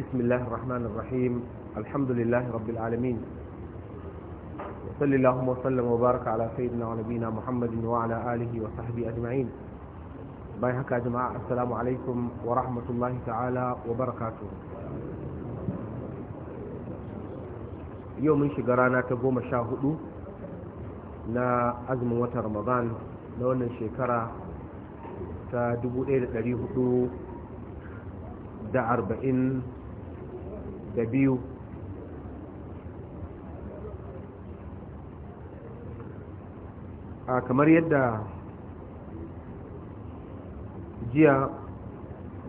بسم الله الرحمن الرحيم الحمد لله رب العالمين وصلى اللهم وسلم وبارك على سيدنا ونبينا محمد وعلى آله وصحبه أجمعين باي حكا جماعة السلام عليكم ورحمة الله تعالى وبركاته يوم شقرانا تقوم شاهدو na azumin watan ramadan na wannan shekara ta 1400 da arba'in da biyu a kamar yadda jiya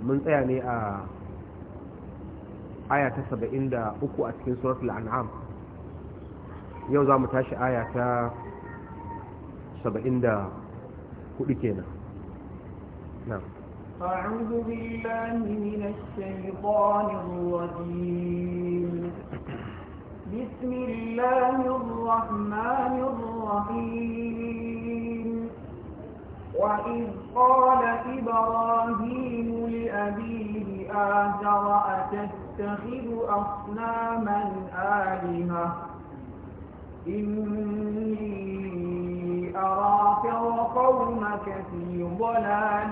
mun tsaya ne a aya ta saba'in da uku a cikin suratul an'am yau za mu tashi aya ta saba'in da hudu kenan na أعوذ بالله من الشيطان الرجيم بسم الله الرحمن الرحيم وإذ قال إبراهيم لأبيه آذر أتتخذ أصناما آلهة إني أراك وقومك في ضلال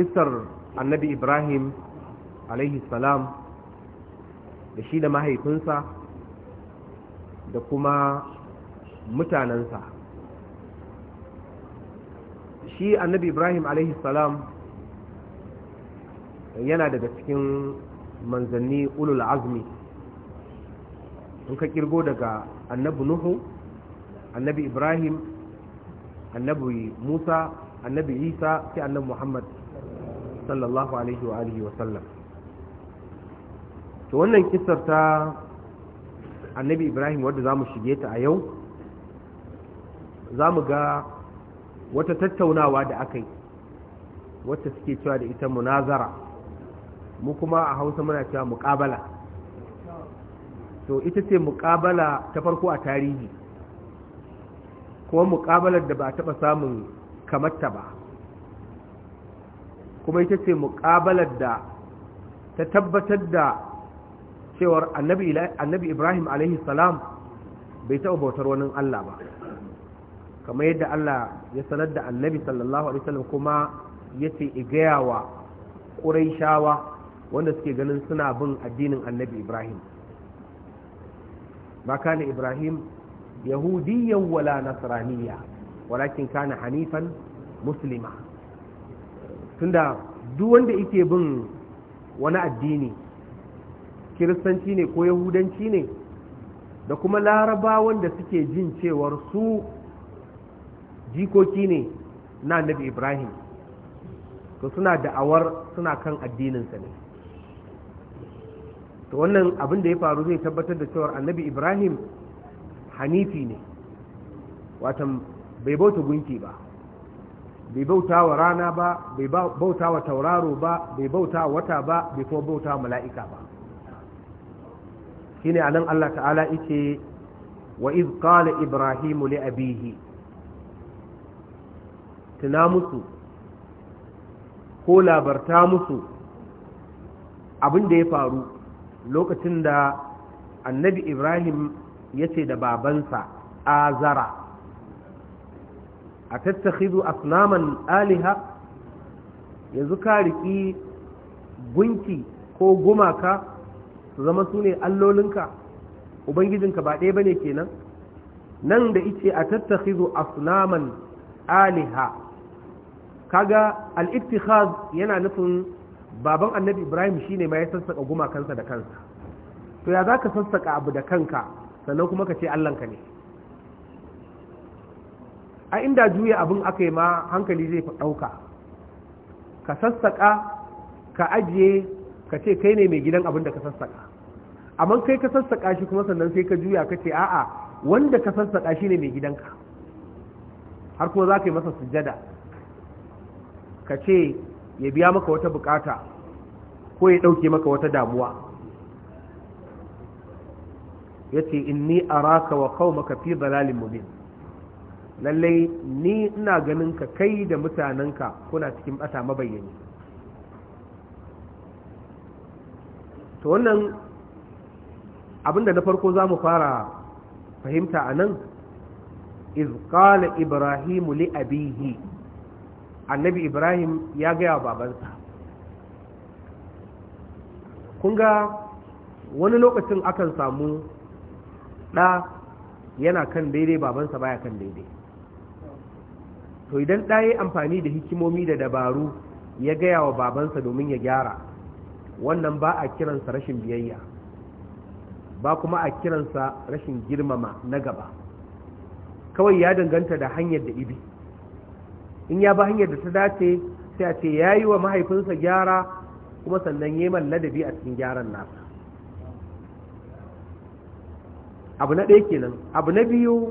kisar annabi ibrahim alaihi salam da shi da mahaifinsa da kuma mutanensa shi annabi ibrahim alaihi salam yana daga cikin manzanni ulul azmi in ka kirgo daga annabi nuhu annabi ibrahim annabi musa annabi isa sai annabi muhammad sallallahu alaihi wa alihi wa sallam to wannan kissar ta annabi ibrahim wadda za mu shige ta a yau za mu ga wata tattaunawa da aka yi wacce suke cewa da ita munazara mu kuma a hausa muna cewa muƙabala to ita ce muƙabala ta farko a tarihi kuma muƙabalar da ba a taɓa samun kamarta ba kuma ita ce muƙabalar da ta tabbatar da cewar annabi ibrahim alaihi salam bai taɓa bautar wani allah ba kamar yadda allah ya sanar da annabi sallallahu alaihi wasallam kuma ya ce igaya wa ƙuraishawa wanda suke ganin suna bin addinin annabi ibrahim ba kane ibrahim yahudiyan wala nasraniya walakin kana hanifan muslima tunda duk wanda yake bin wani addini kiristanci ne ko yahudanci ne da kuma laraba wanda suke jin cewar su jikoki ne na annabi ibrahim to suna da'awar suna kan addininsa ne to wannan abin da ya faru zai tabbatar da cewar annabi ibrahim hanifi ne watan bai bauta gunki ba bai bauta wa rana ba bai bauta wa tauraro ba bai bauta wata ba bai kuma bauta wa mala'ika ba shine anan Allah ta'ala yake wa iz qala ibrahimu li abihi tuna musu ko labarta musu abin da ya faru lokacin da annabi ibrahim yace da babansa azara a tattakhidhu asnaman aliha yanzu ka riki gunki ko gumaka su zama su ne allolinka ubangijinka ba ɗaya ba ne kenan nan da ice a tattakhidhu asnaman aliha kaga al-ittikhaz yana nufin baban annabi ibrahim shi ne ma ya sassaka gumakansa da kansa to ya za ka sassaka abu da kanka sannan kuma ka ce allanka ne a inda juya abin aka yi ma hankali zai fi ɗauka ka sassaƙa ka ajiye ka ce kai ne mai gidan abin da ka sassaƙa amma kai ka sassaƙa shi kuma sannan sai ka juya ka ce a'a wanda ka sassaƙa shi ne mai gidanka har kuma za ka yi masa sujjada ka ce ya biya maka wata bukata ko ya ɗauke maka wata damuwa ya ce inni raka wa kawo maka fi zalalin mubin lallai ni ina ganin ka kai da mutanenka kuna cikin bata mabayyani to wannan abinda na farko za mu fara fahimta a nan izkala ibrahimu li abihi annabi ibrahim ya gaya wa babansa kun ga wani lokacin akan samu ɗa yana kan daidai babansa baya kan daidai to idan ɗa ya amfani da hikimomi da dabaru ya gaya wa babansa domin ya gyara wannan ba a kiransa rashin biyayya ba kuma a kiransa rashin girmama na gaba kawai ya danganta da hanyar da ibi in ya ba hanyar da ta dace sai a ce ya yi wa mahaifinsa gyara kuma sannan ya ladabi a cikin gyaran nasa abu na ɗaya kenan abu na biyu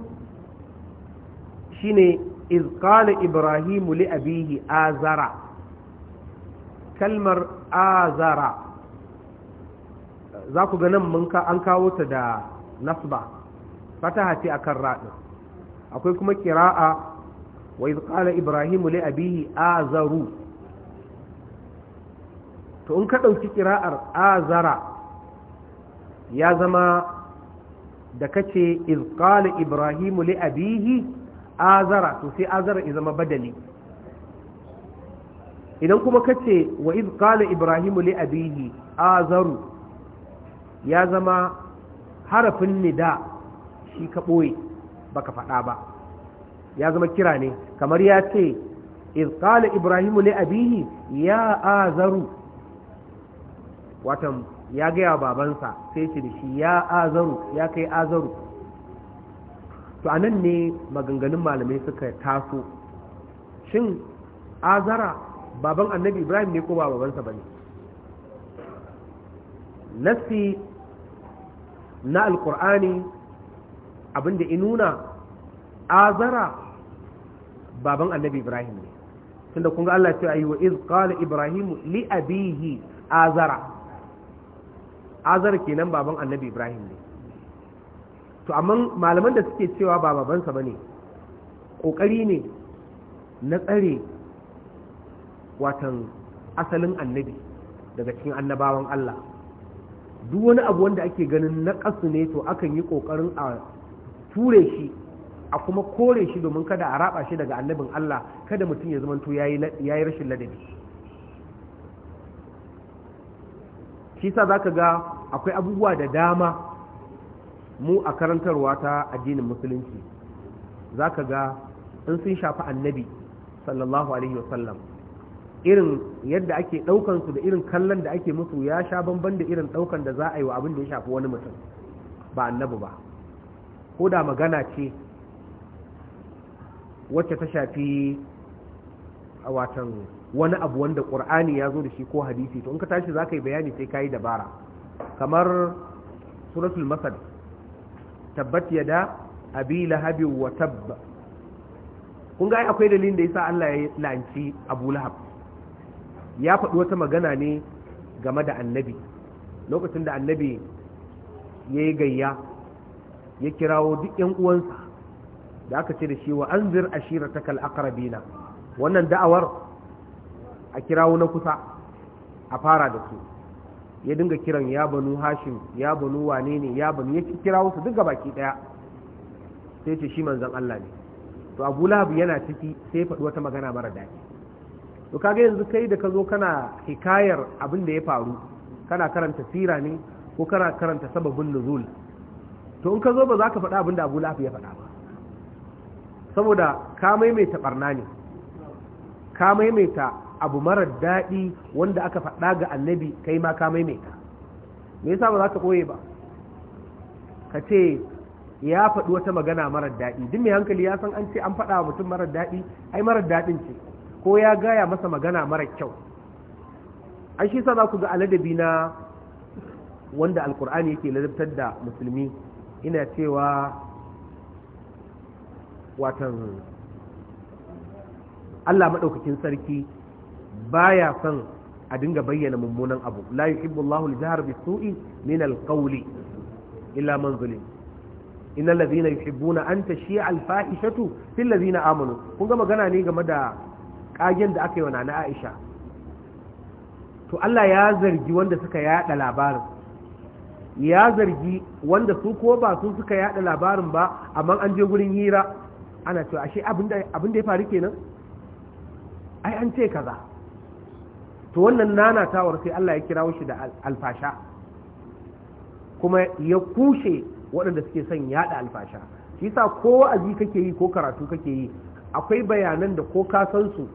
shine iz qala ibrahimu li abihi azara kalmar azara za ku ga nan mun ka an kawo ta da nasba fataha ce akan raɗin akwai kuma kira'a wa iz qala ibrahimu li abihi azaru to in ka ɗauki kira'ar azara ya zama da kace iz qala ibrahimu li abihi azara to sai azara ya zama badali idan kuma kace wa iz qala ibrahimu li abihi azaru ya zama harafin nida shi ka boye baka faɗa ba ya zama kira ne kamar ya ce iz qala ibrahimu li abihi ya azaru watan ya gaya babansa sai shi ya azaru ya kai azaru to a nan ne maganganun malamai suka taso shin azara baban annabi ibrahim ne ko ba babansa ba ne nassi na alkur'ani abinda inuna azara baban annabi ibrahim ne tunda kun ga Allah ce ayi wa iz qala ibrahim li abihi azara azara kenan baban annabi ibrahim ne to amma malaman da suke cewa ba babansa ba ne ƙoƙari ne na tsare watan asalin annabi daga cikin annabawan Allah duk wani abu wanda ake ganin na ƙasu ne to akan yi ƙoƙarin a ture shi a kuma kore shi domin kada a raba shi daga annabin Allah kada mutum ya zamanto ya yi rashin ladabi shi sa za ka ga akwai abubuwa da dama mu a karantarwa ta addinin musulunci za ka ga in sun shafi annabi sallallahu alaihi wasallam irin yadda ake ɗaukansu da irin kallon da ake musu ya sha bamban da irin daukan da za a yi wa abin da ya shafi wani mutum ba annabi ba ko da magana ce wacce ta shafi a watan wani abu wanda ƙur'ani ya zo da shi ko hadisi to in ka tashi za ka bayani sai ka yi dabara kamar suratul masad tabbat yada abi lahabi wa tabba kun ga akwai dalilin da yasa Allah ya lanci Abu Lahab ya faɗi wata magana ne game da annabi lokacin da annabi ya yi gayya ya kirawo duk yan uwansa da aka ce da shi wa anzir ashiratakal aqrabina wannan da'awar a kirawo na kusa a fara da su ya dinga kiran ya banu hashim ya banu wane ne ya banu ya kira wasu duk baki daya sai ce shi manzan Allah ne to Abu Lahab yana ciki sai faɗi wata magana mara daɗi to kaga yanzu kai da ka zo kana hikayar abin da ya faru kana karanta sira ne ko kana karanta sababin nuzul to in ka zo ba za ka faɗa abin da Abu Lahab ya faɗa ba saboda ka maimaita barna ne ka maimaita abu marar daɗi wanda aka faɗa ga annabi kai ma ka maimaita me yasa ba za ka koye ba ka ce ya faɗi wata magana marar daɗi duk mai hankali ya san an ce an faɗa wa mutum marar daɗi ai marar daɗin ce ko ya gaya masa magana marar kyau an shi sa za ku ga aladabi na wanda alkur'ani yake ladabtar da musulmi ina cewa watan Allah maɗaukakin sarki baya son a dinga bayyana mummunan abu la yuhibbu Allahu al-jahra bis-su'i min al-qawli illa man zulim innal ladhina yuhibbuna an tashi'a al-fahishatu fil ladhina amanu kun ga magana ne game da kagen da aka yi wa nana Aisha to Allah ya zargi wanda suka yada labarin ya zargi wanda su ko ba su suka yada labarin ba amma an je gurin hira ana cewa ashe abin da ya faru kenan ai an ce kaza to wannan nanatawar sai Allah ya kira shi da alfasha kuma ya kushe waɗanda suke son yaɗa alfasha shi yasa ko wa'azi kake yi ko karatu kake yi akwai bayanan da ko ka san su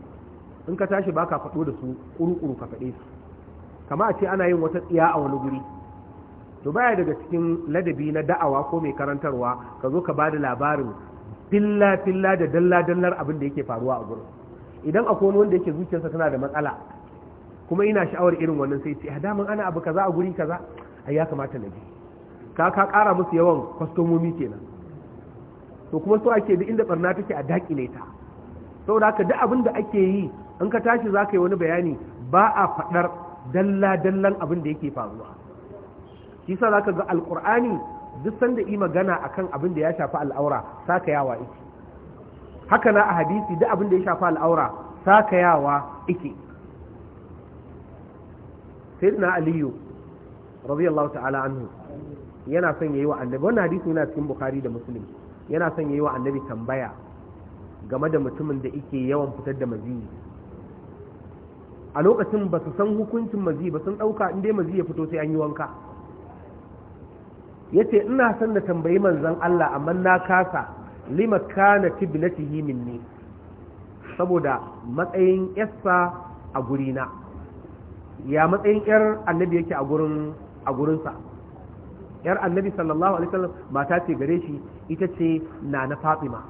in ka tashi baka faɗo da su ƙuruƙuru ka faɗe su kama a ce ana yin wata tsiya a wani guri to baya daga cikin ladabi na da'awa ko mai karantarwa ka zo ka ba da labarin filla filla da dalla dallar abin da yake faruwa a gurin idan akwai wanda yake zuciyarsa tana da matsala kuma ina sha'awar irin wannan sai ce ah, daman ana abu kaza a guri kaza a ya kamata na je ka ka kara musu yawan kwastomomi kenan to kuma so ake duk inda barna take a dakile ta saboda haka duk abin da ake yi in ka tashi za ka yi wani bayani ba a faɗar dalla-dallan abin da yake faruwa shi sa za ka ga alƙur'ani duk sanda yi magana akan abin da ya shafi al'aura yawa ike haka na a hadisi duk abin da ya shafi al'aura yawa ike sayyidina aliyu radiyallahu ta'ala anhu yana son yayi wa annabi wannan hadisi yana cikin bukhari da muslim yana son yayi wa annabi tambaya game da mutumin da yake yawan fitar da maziyi a lokacin ba su san hukuncin mazi ba sun dauka inda mazi maziyi ya fito sai an yi wanka yace ina son na tambayi manzon Allah amma na kasa lima kana tiblatihi minni saboda matsayin yassa a gurina ya matsayin yar annabi yake a gurin a gurinsa yar annabi sallallahu alaihi wasallam mata ce gare shi ita ce na na fatima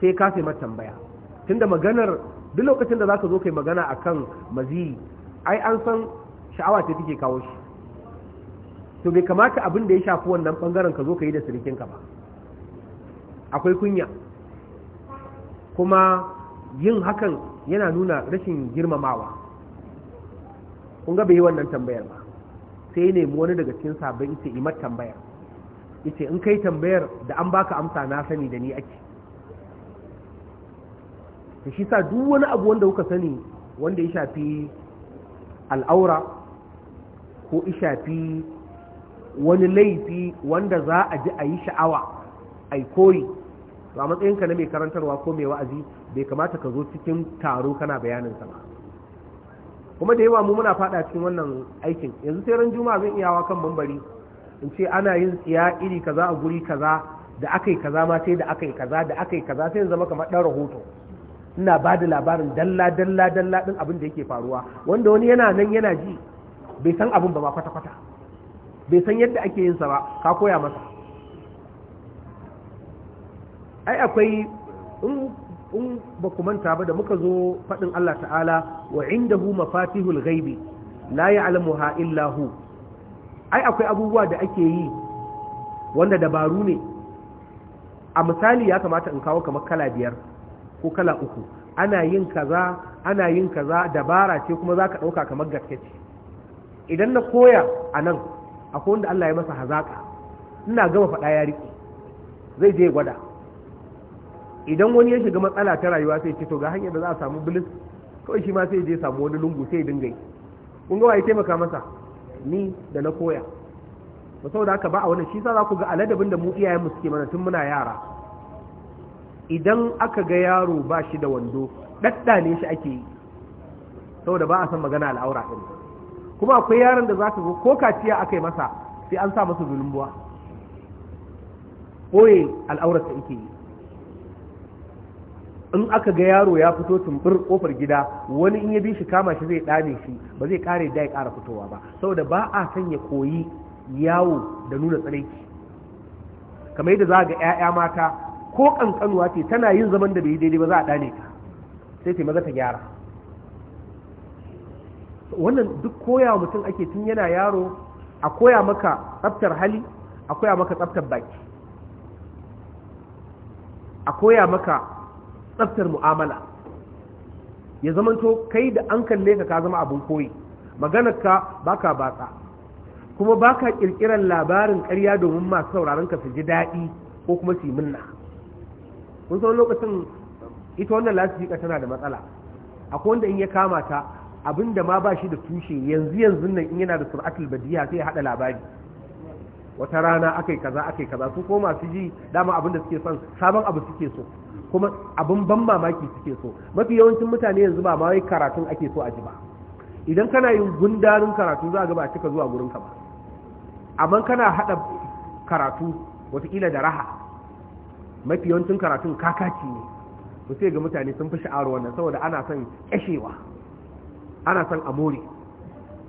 sai ka sai tambaya tunda maganar duk lokacin da zaka zo kai magana akan mazi ai an san sha'awa ce take kawo shi to bai kamata abin da ya shafi wannan bangaren ka zo ka yi da ka ba akwai kunya kuma yin hakan yana nuna rashin girmamawa kun ga bai yi wannan tambayar ba sai ya nemi wani daga cikin sabbin ita imar tambaya ita in kai tambayar da an baka amsa na sani da ni ake da shi sa duk wani abu wanda kuka sani wanda ya shafi al'aura ko ya shafi wani laifi wanda za a ji a yi sha'awa a yi koyi to a matsayinka na mai karantarwa ko mai wa'azi bai kamata ka zo cikin taro kana bayanin sa ba kuma da yawa mu muna fada cikin wannan aikin yanzu sai ran juma'a zan iyawa kan bambari in ce ana yin tsiya iri kaza a guri kaza da aka kaza ma sai da aka kaza da aka kaza sai zama kamar dan rahoto ina ba da labarin dalla dalla dalla din abin da yake faruwa wanda wani yana nan yana ji bai san abin ba ba kwata kwata bai san yadda ake yin sa ba ka koya masa ai akwai in ba ku manta ba da muka zo faɗin Allah ta'ala wa indahu mafatihul ghaibi la ya'lamuha illa hu ai akwai abubuwa da ake yi wanda dabaru ne a misali ya kamata in kawo kamar kala biyar ko kala uku ana yin kaza ana yin kaza dabara ce kuma zaka ɗauka kamar gaske ce idan na koya anan akwai wanda Allah ya masa hazaƙa, ina gama faɗa ya riƙe zai je gwada idan wani ya shiga matsala ta rayuwa sai ce to ga hanyar da za a samu bilis kawai shi ma sai je samu wani lungu sai dinga yi kun ga waye taimaka masa ni da na koya ba saboda haka ba a wannan shi sa za ku ga aladabin da mu iyayen mu suke mana tun muna yara idan aka ga yaro ba shi da wando dadda ne shi ake yi saboda ba a san magana al'aura din kuma akwai yaron da za ka zo ko kaciya aka yi masa sai an sa masa zulumbuwa boye al'aurar ta ake yi in aka ga yaro ya fito tumbur kofar gida wani in ya bi shi kama shi zai dane shi ba zai kare da ya kara fitowa ba saboda ba a san ya koyi yawo da nuna tsanaki kamar yadda za ga 'ya'ya mata ko kankanuwa ce tana yin zaman da bai daidai ba za a dane ta sai ta maza ta gyara wannan duk koya mutum ake tun yana yaro a koya maka tsaftar hali a koya maka tsaftar baki a koya maka tsaftar mu'amala ya zamanto kai da an kalle ka ka zama abin koyi maganarka baka batsa kuma baka kirkiran labarin ƙarya domin masu sauraron ka su ji daɗi ko kuma su minna kun san lokacin ita wannan lasifika tana da matsala akwai wanda in ya kama ta da ma ba shi da tushe yanzu yanzu nan in yana da sur'atul badiya sai ya hada labari wata rana akai kaza akai kaza su ko masu ji dama abinda suke son sabon abu suke so kuma abin ban mamaki suke so mafi yawancin mutane yanzu ba ma wai karatun ake so a ji ba idan kana yin gundarin karatu za ga ba cika zuwa gurin ka ba amma kana hada karatu watakila da raha mafi yawancin karatun kakaci ne to ga mutane sun fi sha'awar wannan saboda ana son kashewa ana son amore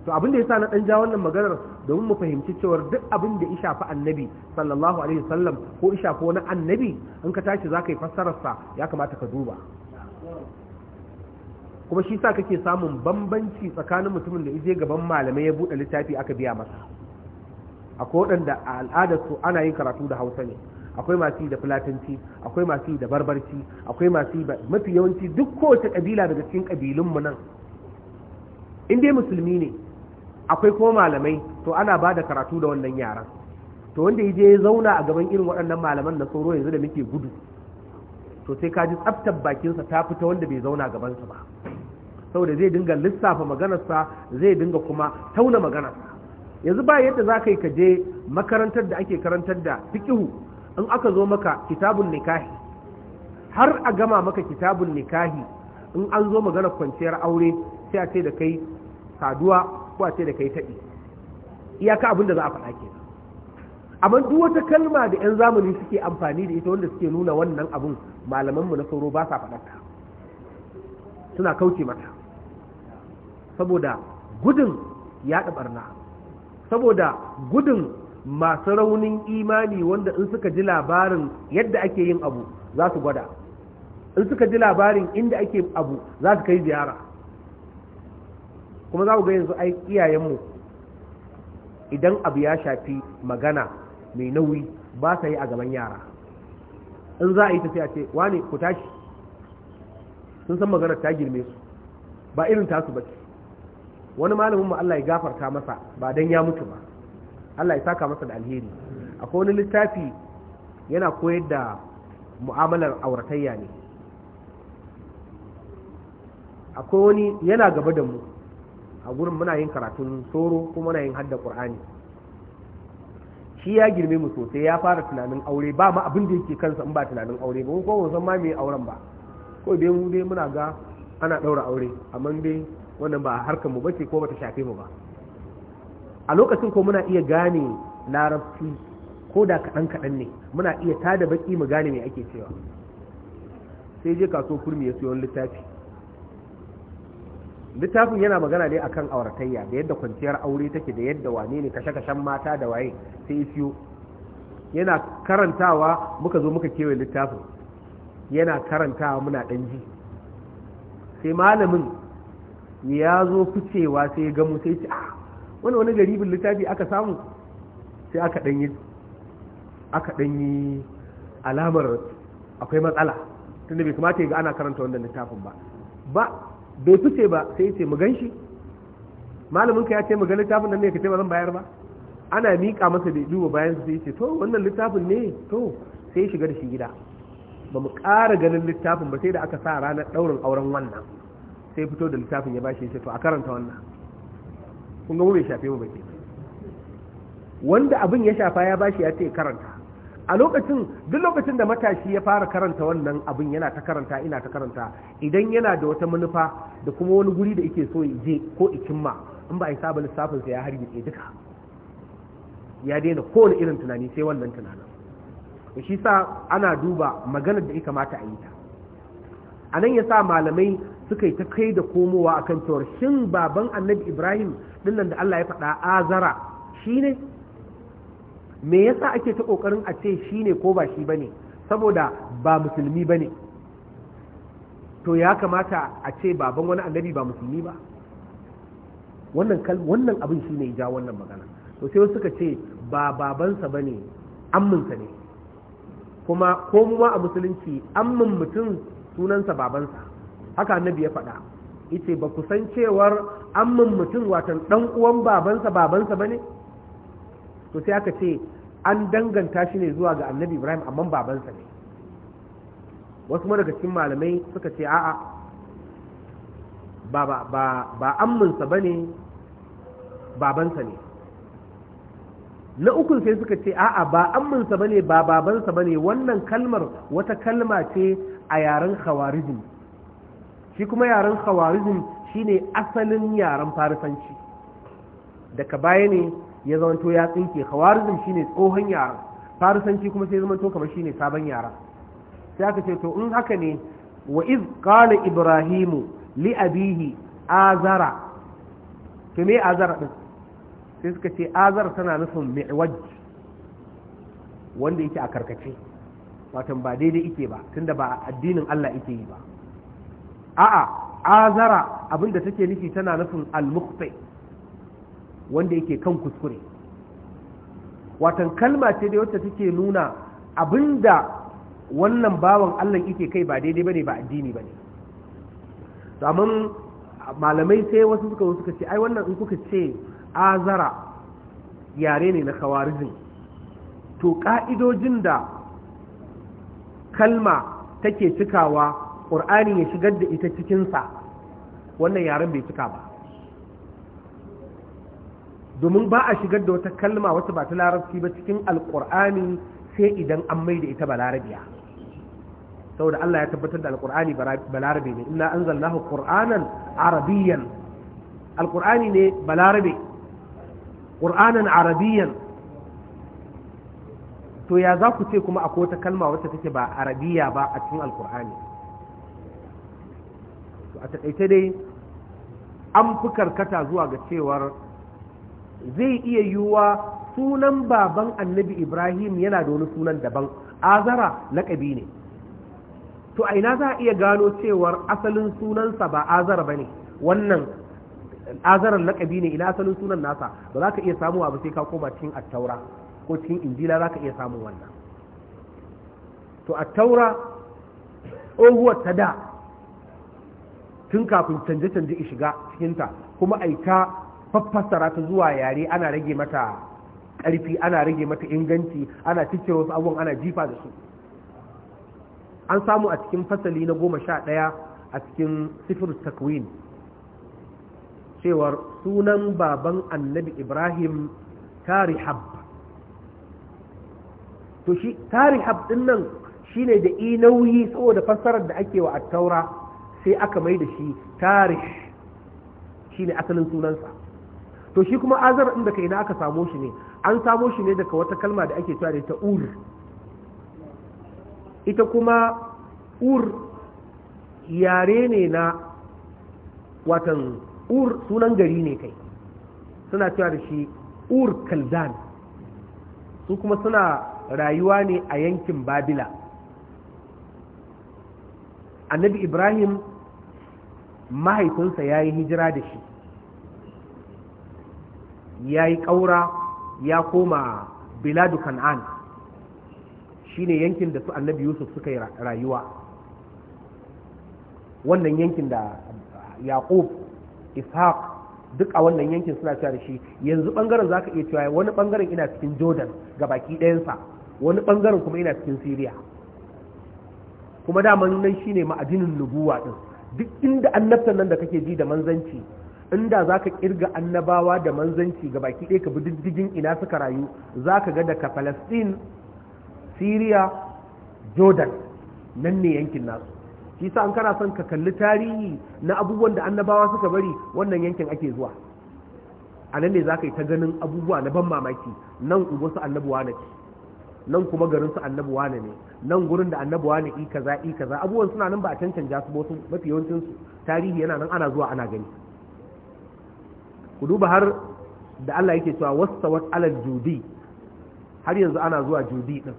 to abin da yasa na dan ja wannan maganar domin mu fahimci cewa duk abin da ya shafi annabi sallallahu alaihi wasallam ko ya shafi wani annabi in ka tashi zaka yi fassarar sa ya kamata ka duba kuma shi sa kake samun bambanci tsakanin mutumin da ije gaban malamai ya bude littafi aka biya masa akwai waɗanda a al'adarsu ana yin karatu da hausa ne akwai masu yi da fulatanci akwai masu yi da barbarci akwai masu yi mafi yawanci duk kowace ƙabila daga cikin ƙabilunmu nan in dai musulmi ne akwai ko malamai to ana ba da karatu da wannan yaran to wanda ya je ya zauna a gaban irin waɗannan malaman na tsoro yanzu da muke gudu to sai ka ji tsaftar bakinsa ta fita wanda bai zauna gabansa ba saboda zai dinga lissafa maganarsa zai dinga kuma tauna maganarsa yanzu ba yadda za ka yi ka je makarantar da ake karantar da fikihu in aka zo maka kitabun nikahi har a gama maka kitabun nikahi in an zo maganar kwanciyar aure sai a ce da kai saduwa ko a ce da kai taɓi iyaka abin da za a faɗa ke amma duk wata kalma da 'yan zamani suke amfani da ita wanda suke nuna wannan abun malamanmu na sauro ba sa faɗarta suna kauce mata saboda gudun yaɗa ɓarna saboda gudun masu raunin imani wanda in suka ji labarin yadda ake yin abu za su gwada in suka ji labarin inda ake abu za su kai ziyara kuma za ku ga yanzu ai iyayenmu idan abu ya shafi magana mai nauyi ba sa yi a gaban yara in za a yi tafiya ce wani ku tashi sun san maganar ta girme su ba irin tasu ba wani malamin mu Allah ya gafarta masa ba dan ya mutu ba Allah ya saka masa da alheri akwai wani littafi yana koyar da mu'amalar auratayya ne akwai wani yana gaba da mu a gurin muna yin karatun soro kuma muna yin hadda qur'ani shi ya girme mu sosai ya fara tunanin aure ba ma abin da yake kansa in ba tunanin aure ba ko san ma me auren ba ko dai mu dai muna ga ana daura aure amma dai wannan ba harkar mu bace ko bata shafe mu ba a lokacin ko muna iya gane larabci ko da kaɗan kaɗan ne muna iya tada baki mu gane me ake cewa sai je kaso kurmi ya siyo littafi littafin yana magana ne akan auratayya da yadda kwanciyar aure take da yadda wane ne kashe-kashen mata da waye sai isiyo yana karantawa muka zo muka kewaye littafin yana karantawa muna dan ji sai malamin ya zo ficewa sai ya gamu sai ce ah wani wani garibin littafi aka samu sai aka yi aka yi alamar akwai matsala tunda bai kamata ya ga ana karanta wannan littafin ba ba bai fice ba sai ce mu shi. malamin ka ya ce mu ga littafin nan ne ka ce ba zan bayar ba ana miƙa masa bai duba bayan sai ce to wannan littafin ne to sai shiga da shi gida ba mu ƙara ganin littafin ba sai da aka sa ranar ɗaurin auren wannan sai fito da littafin ya bashi ya ce to a karanta wannan kun ga mu bai shafe mu ba ke wanda abin ya shafa ya bashi ya ce karanta a lokacin duk lokacin da matashi ya fara karanta wannan abin yana ta karanta ina ta karanta idan yana da wata manufa da kuma wani guri da ike so ya je ko ikimma in ba a yi saba lissafinsa ya hargitse duka ya daina kowane irin tunani sai wannan tunanin shi sa ana duba maganar da ya kamata a yi ta a nan ya sa malamai suka yi ta kai da komowa akan cewar shin baban annabi ibrahim dinnan da allah ya faɗa azara shi ne me yasa ake ta kokarin a ce shi ne ko ba shi bane saboda ba musulmi bane to ya kamata a ce baban wani annabi ba musulmi ba wannan wannan abin shi ya ja wannan magana to sai wasu suka ce ba babansa bane amminsa ne kuma ko mu ma a musulunci ammin mutum sunansa babansa haka annabi ya faɗa ita ba ku san cewar ammin mutum watan dan uwan babansa babansa bane to sai aka ce an danganta shi ne zuwa ga annabi ibrahim amma babansa ne wasu madagacin daga cikin malamai suka ce a'a ba ba ba ba amminsa babansa ne na ukun sai suka ce a'a ba amminsa ne ba babansa ba ne. wannan kalmar wata kalma ce a yaren khawarizm shi kuma yaren khawarizm shine asalin yaren farisanci daga baya ne ya zamanto ya tsinke khawarizm shine tsohon yaran farisanci kuma sai zamanto kamar shine sabon yaran sai aka ce to in haka ne wa iz qala ibrahimu li abihi azara to me azara din sai suka ce azar tana nufin mi'waj wanda yake a karkace watan ba daidai yake ba tunda ba addinin Allah yake yi ba a'a azara abinda take nufi tana nufin al-muqti wanda yake kan kuskure watan kalma ce da wacce take nuna abinda wannan bawan Allah yake kai ba daidai bane ba addini bane ne. malamai sai wasu suka suka ce ai wannan in kuka ce azara yare ne na khawarizm to ka'idojin da kalma take cikawa ƙur'ani ya shigar da ita cikinsa wannan yaren bai cika ba domin ba a shigar da wata kalma wata ba ta larabci ba cikin alkur'ani sai idan an mai da ita balarabiya saboda Allah ya tabbatar da alkur'ani balarabe ne inna anzalnahu qur'anan arabiyyan alkur'ani ne Balarabi. qur'anan arabiyyan to ya za ku ce kuma akwai wata kalma wata take ba arabiya ba a cikin alkur'ani to a taƙaice dai an fi karkata zuwa ga cewar zai iya yiwuwa sunan baban annabi ibrahim yana da wani sunan daban azara laƙabi ne to a ina za a iya gano cewar asalin sunansa ba azara ba ne wannan azaran laƙabi ne ina asalin sunan nasa ba za ka iya samu abu sai ka koma cikin attaura ko cikin injila za ka iya samun wannan to attaura tsohuwar ta da tun kafin canje-canje shiga cikinta kuma aita fafasara ta zuwa yare ana rage mata ƙarfi ana rage mata inganci ana cikin wasu abubuwan ana jifa da su an samu a cikin fasali na goma sha ɗaya a cikin sifir takwin cewar sunan baban annabi ibrahim tarihab to shi tarihab ɗin nan ne da inauyi saboda fassarar da ake wa taura sai aka mai da shi shi shine asalin sunansa to shi kuma azar din daga ina aka samo shi ne an samo shi ne daga wata kalma da ake cewa da ta ur ita kuma ur yare ne na watan ur sunan gari ne kai suna cewa da shi ur kaldan su kuma suna rayuwa ne a yankin babila annabi ibrahim mahaifinsa ya yi hijira da shi ya yi ƙaura ya koma biladu kan'an shine yankin da su annabi yusuf suka yi rayuwa wannan yankin da yaqub ishaq duk a wannan yankin suna cewa da shi yanzu bangaren za ka iya cewa wani bangaren ina cikin jordan ga baki ɗayansa wani bangaren kuma ina cikin syria kuma daman nan shine ma'adinin nubuwa din duk inda annabtan nan da kake ji da manzanci inda za ka kirga annabawa da manzanci ga baki ɗaya ka bi diddigin ina suka rayu za ka ga daga palestine syria jordan nan ne yankin nasu shi sa an kana son ka kalli tarihi na abubuwan da annabawa suka bari wannan yankin ake zuwa a nan ne za ka yi ta ganin abubuwa na ban mamaki nan su annabuwa na ce nan kuma garin su annabuwa na ne nan gurin da annabuwa na i kaza i kaza abubuwan suna nan ba a cancanta su ba mafi yawancin su tarihi yana nan ana zuwa ana gani ku duba har da Allah yake cewa wastawat alal judi har yanzu ana zuwa judi din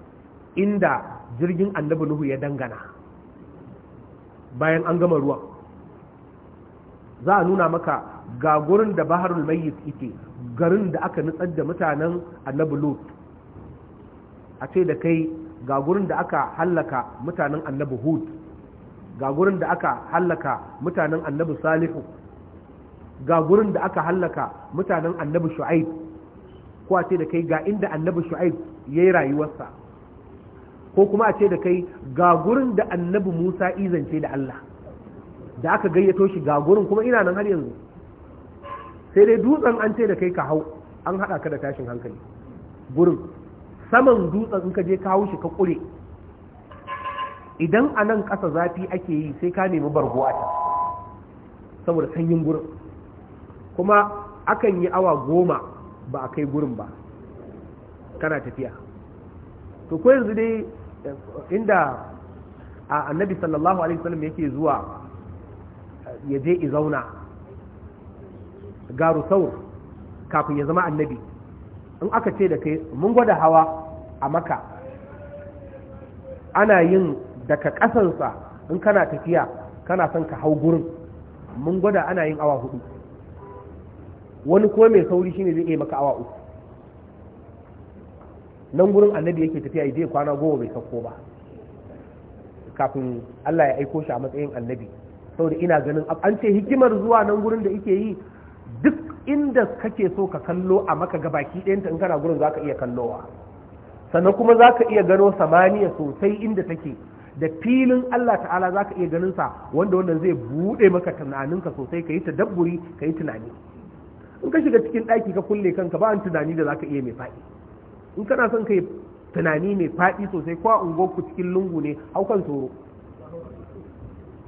inda jirgin annabi nuhu ya dangana bayan an gama ruwa. za a nuna maka ga gurin da baharul mayyit yake garin da aka nutsar da mutanen annabi lut a ce da kai ga gurin da aka hallaka mutanen annabi hud ga gurin da aka hallaka mutanen annabi salihu ga gurin da aka hallaka mutanen annabi shu'aib ko a ce da kai ga inda annabi shu'aib ya yi rayuwarsa ko kuma a ce da kai ga gurin da annabi musa izance da allah da aka gayyato shi ga gurin kuma ina nan har yanzu sai dai dutsen an ce da kai ka hau an haɗa ka da tashin hankali gurin saman dutsen in ka je ka hau shi ka kure idan a nan ƙasa zafi ake yi sai ka nemi bargo a can saboda sanyin gurin kuma akan yi awa goma ba a kai gurin ba kana tafiya to ko yanzu dai inda annabi sallallahu alaihi wasallam yake zuwa ya je izauna garu saur kafin ya zama annabi in aka ce da kai mun gwada hawa a maka ana yin daga ƙasansa in kana tafiya kana son ka hau gurin mun gwada ana yin awa hudu wani kuma mai sauri shine zai iya maka awa uku nan gurin annabi yake tafiya idai kwana goma bai sauko ba kafin Allah ya aiko shi a matsayin annabi saboda ina ganin an ce hikimar zuwa nan gurin da yake yi duk inda kake so ka kallo a maka gabaki ɗayanta in kana gurin zaka iya kallowa sannan kuma zaka iya gano samaniya sosai inda take da filin Allah ta'ala zaka iya ganin sa wanda wannan zai buɗe maka tunaninka sosai ka yi dabburi ka yi tunani in ka shiga cikin ɗaki ka kulle kanka ba tunani da zaka iya mai faɗi in kana son kai tunani mai faɗi sosai ko a ku cikin lungu ne haukan tsoro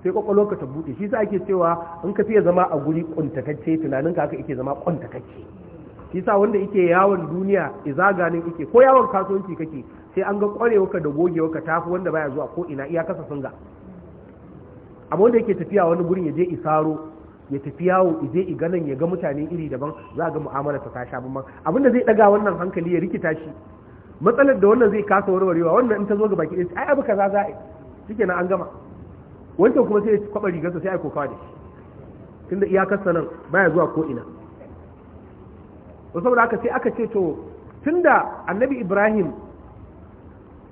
sai kwakwalwar ka ta buɗe shi sa ake cewa in ka fiye zama a guri kuntatacce tunanin ka haka yake zama kuntatacce shi sa wanda yake yawon duniya izaga ne yake ko yawon kasuwanci kake sai an ga ka da gogewarka tafi wanda baya zuwa ko ina iya kasa sun ga amma wanda yake tafiya wani gurin ya je isaro ya tafi yawo ije iganan ya ga mutane iri daban za ga mu'amala ta sha abin abinda zai daga wannan hankali ya rikita shi matsalar da wannan zai kasa warwarewa wannan in ta zo ga baki ɗaya ai abu kaza za a yi shike an gama wancan kuma sai ya kwaba rigarsa sai ai kokawa da shi tunda sa nan baya zuwa ko ina to saboda haka sai aka ce to tunda annabi ibrahim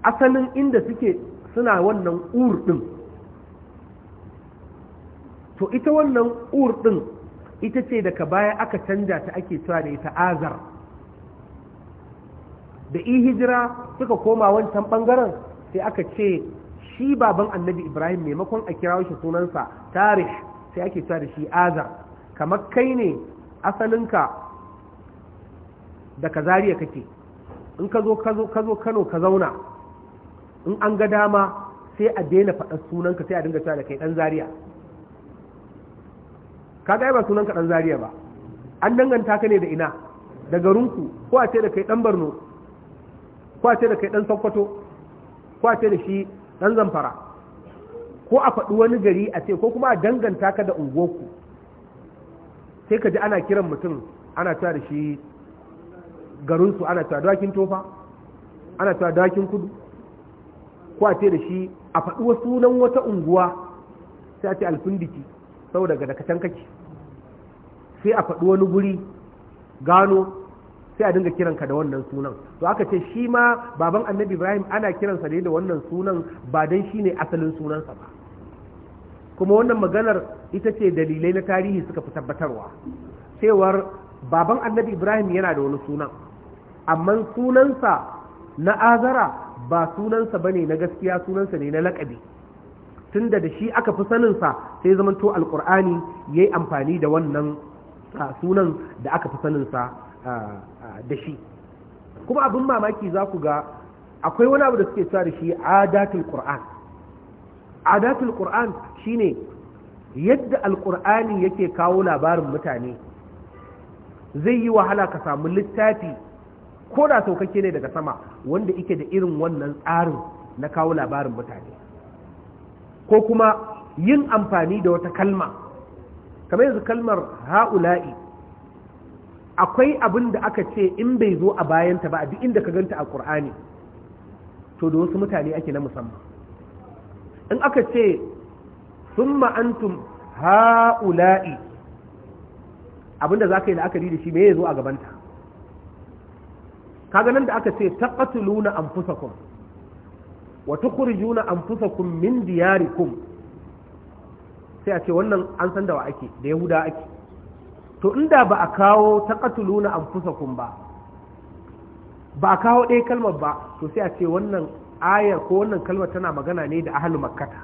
asalin inda suke suna wannan ur din to ita wannan ur ɗin ita ce daga baya aka canja ta ake cewa da ita azar da i hijira suka koma wancan ɓangaren sai aka ce shi baban annabi ibrahim maimakon a kira shi sunansa tarih sai ake cewa da shi azar kamar kai ne asalinka daga zariya kake in ka zo ka zo kano ka zauna in an ga dama sai a daina faɗa sunanka sai a dinga cewa da kai ɗan zariya ka ga ba sunan ka dan zariya ba an danganta ka ne da ina da garinku ko a ce da kai dan Barno, ko a ce da kai dan Sokoto ko a ce da shi dan Zamfara ko a faɗi wani gari a ce ko kuma a danganta ka da unguwarku sai ka ji ana kiran mutum ana cewa da shi garinsu ana cewa dakin tofa ana cewa dakin kudu ko a ce da shi a faɗi wasu nan wata unguwa sai a ce alfindiki saboda daga dakatan kake sai a faɗi wani guri gano sai a dinga kiran ka da wannan sunan to aka ce shi ma baban annabi ibrahim ana kiransa ne da wannan sunan ba dan shi ne asalin sunansa ba kuma wannan maganar ita ce dalilai na tarihi suka fi tabbatarwa cewar baban annabi ibrahim yana da wani sunan amma sunansa na azara ba sunansa bane na gaskiya sunansa ne na laƙabi Tun da shi aka fi saninsa sai zamanto alkur'ani ya yi amfani da wannan ah, sunan da aka fi saninsa ah, ah, da shi kuma abin mamaki za ku ga akwai wani abu da suke cewa da shi adatul qur'an adatul qur'an shine yadda alkur'ani yake kawo labarin mutane zai yi wahala ka samu littafi ko da saukake ne daga sama wanda ike da irin wannan tsarin na kawo labarin mutane ko kuma yin amfani da wata kalma kamar yanzu kalmar ha'ula'i akwai abin da aka ce in bai zo a bayanta ba a duk inda ka ganta a ƙur'ani to da wasu mutane ake na musamman in aka ce sun ma'antun ha'ula'i abin da za ka yi la'akari da shi mai zo a gabanta kaga nan da aka ce na anfusakum wa tukhrijuna anfusakum min diyarikum sai a ce wannan an san da wa ake da yahuda ake to inda ba a kawo taqatuluna anfusakum ba ba a kawo ɗaya kalmar ba to sai a ce wannan ayar ko wannan kalmar tana magana ne da ahlu makkata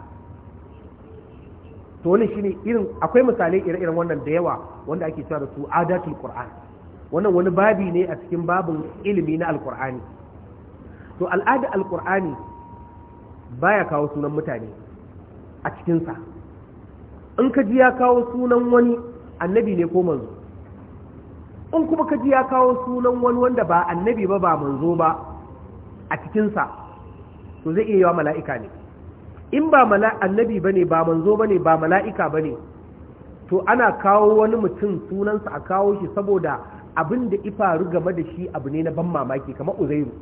to wannan shine irin akwai misalai ire-iren wannan da yawa wanda ake cewa da su adatul qur'an wannan wani babi ne a cikin babin ilimi na alqur'ani to al'ada alqur'ani baya kawo sunan mutane a cikinsa in ka ji ya kawo sunan wani annabi ne ko manzo in kuma ka ji ya kawo sunan wani wanda ba annabi ba ba manzo ba a cikinsa to zai iya yawa mala'ika ne in ba annabi ba ne ba manzo ba ne ba mala'ika ba ne to ana kawo wani mutum sunansa a kawo shi saboda abin da ifaru game da shi abu ne na ban mamaki kamar uzairu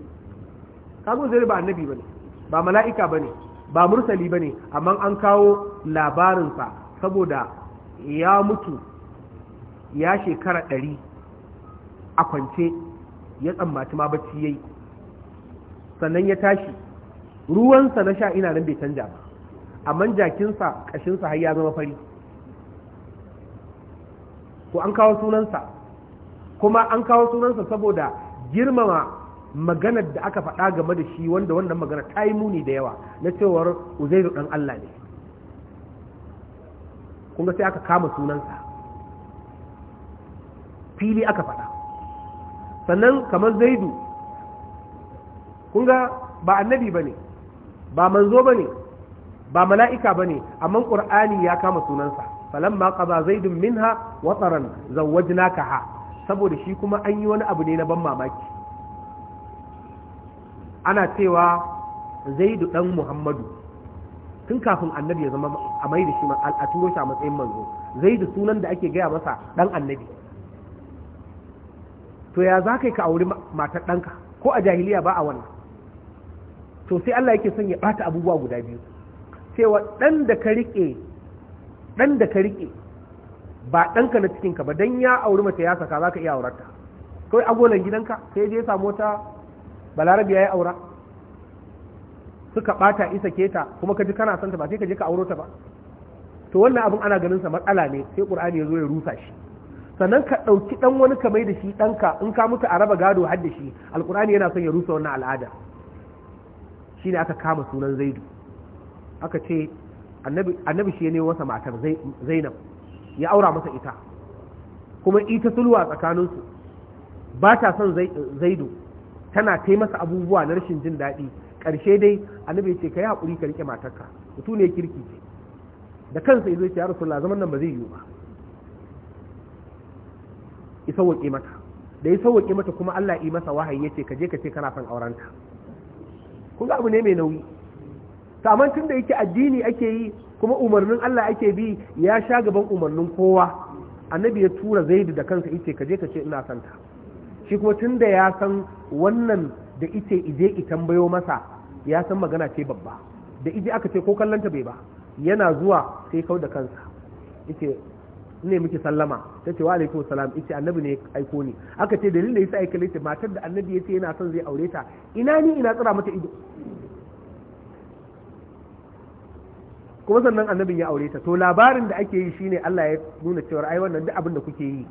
Kamar uzairu ba annabi ba ne ba mala'ika ba ne, ba mursali ba ne. amma an kawo labarinsa saboda ya mutu ya shekara ɗari a kwance ya tsammaci ma bacci ya yi, sannan ya tashi ruwansa na sha ina nan bai canja ba amma jakinsa ƙashinsa har ya zama fari ko an kawo sunansa kuma an kawo sunansa saboda girmama maganar da aka faɗa game da shi wanda wannan magana ta yi muni da yawa na cewar uzairu ɗan Allah ne Kuma sai aka kama sunansa fili aka faɗa sannan kamar zaidu kunga ba annabi ba ne ba manzo ba ne ba mala'ika ba ne amma ƙur'ani ya kama sunansa falamma min zaidun minha wataran naka ha saboda shi kuma an yi wani abu ne na ban mamaki ana cewa zaidu dan muhammadu tun kafin annabi ya zama a mai da shi a turo shi a matsayin manzo zaidu sunan da ake gaya masa dan annabi to ya za ka yi ka auri matar ɗanka ko a jahiliya ba a wannan to sai Allah yake son ya ɓata abubuwa guda biyu cewa ɗan da ka riƙe ɗan da ka riƙe ba ɗanka na cikinka ba don ya auri mata ya saka za ka iya aurarta kawai agolan gidanka sai je samu wata balarabi ya yi aura suka bata isa keta kuma ka ji kana son ta ba sai ka je ka auro ta ba to wannan abin ana ganin sa matsala ne sai qur'ani ya zo ya rusa shi sannan ka ɗauki ɗan wani ka mai da shi ɗanka in ka mutu a raba gado har da shi alƙur'ani yana son ya rusa wannan al'ada shi ne aka kama sunan zaidu aka ce annabi shi ne wasa matar zainab ya aura masa ita kuma ita sulwa tsakaninsu ba ta son zaidu tana kai masa abubuwa na rashin jin daɗi ƙarshe dai annabi ya ce ka yi haƙuri ka riƙe matarka mutum ne kirki ce da kansa ya zo ya la zaman nan ba zai yiwu ba ya sauwaƙe mata da ya sauwaƙe mata kuma Allah yi masa wahayi ya ce ka je ka ce kana son aurenta kun abu ne mai nauyi saman tun da yake addini ake yi kuma umarnin Allah ake bi ya sha gaban umarnin kowa annabi ya tura zaidu da kansa yace ka je ka ce ina santa shi kuma tun da ya san wannan da ita ije i tambayo masa ya san magana ce babba da ije aka ce ko kallanta bai ba yana zuwa sai kau da kansa yace ne miki sallama ta ce wa alaikum salam yace annabi ne aiko ni aka ce dalilin da yasa aika laita matar da annabi yace yana son zai aure ta ina ni ina tsira mata ido kuma sannan annabin ya aure ta to labarin da ake yi shine Allah ya nuna cewa ai wannan duk abin da kuke yi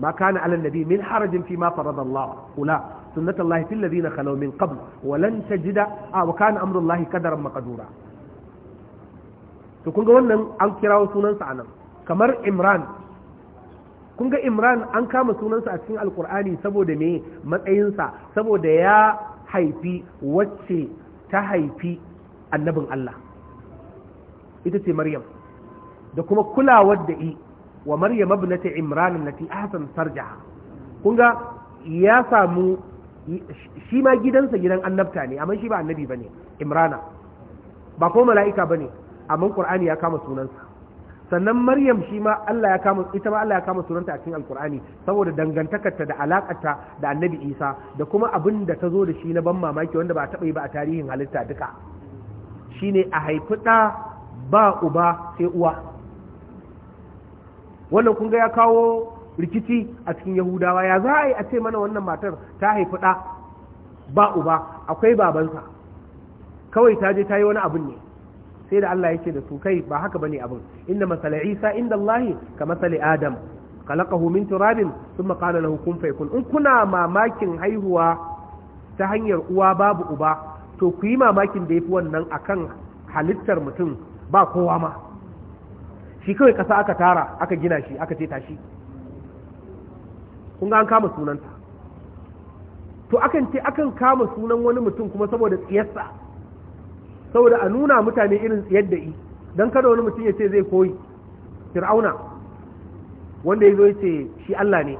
ما كان على النبي من حرج فيما فرض الله أولا سنة الله في الذين خلوا من قبل ولن تجد آه وكان أمر الله قدرا مقدورا تكون قولنا أن كراو سنن سعنا كمر إمران kun ga imran an kama sunansa a cikin alkur'ani saboda me matsayinsa saboda ya haifi wacce ta haifi annabin Allah ita ce maryam da kuma kulawar da i wa maryam ibnati imran allati ahsan farjaha kun ga ya samu shi ma gidansa gidan annabta ne amma shi ba annabi bane imrana ba ko mala'ika bane amma qur'ani ya kama sunansa sannan maryam shi ma Allah ya kama ita ma Allah ya kama sunanta a cikin alqur'ani saboda dangantakarta da alakarta da annabi Isa da kuma abin da ta zo da shi na ban mamaki wanda ba taɓa yi ba a tarihin halitta duka shine a haifi ɗa ba uba sai uwa wannan kun ga ya kawo rikici a cikin yahudawa ya za a yi a ce mana wannan matar ta haifi ɗa ba uba akwai babansa kawai ta je ta yi wani abin ne sai da Allah yake da su kai ba haka bane abin Inda masala isa inda Allah ka masala adam khalaqahu min turabin thumma qala lahu kun fayakun in kuna mamakin haihuwa ta hanyar uwa babu uba to ku yi mamakin da ya fi wannan akan halittar mutum ba kowa ma shi kawai ƙasa aka tara aka gina shi aka ce tashi kun ga an kama sunanta to akan ce akan kama sunan wani mutum kuma saboda tsiyarsa saboda a nuna mutane irin tsiyar da i don kada wani mutum ya ce zai koyi fir'auna wanda ya zo ya ce shi Allah ne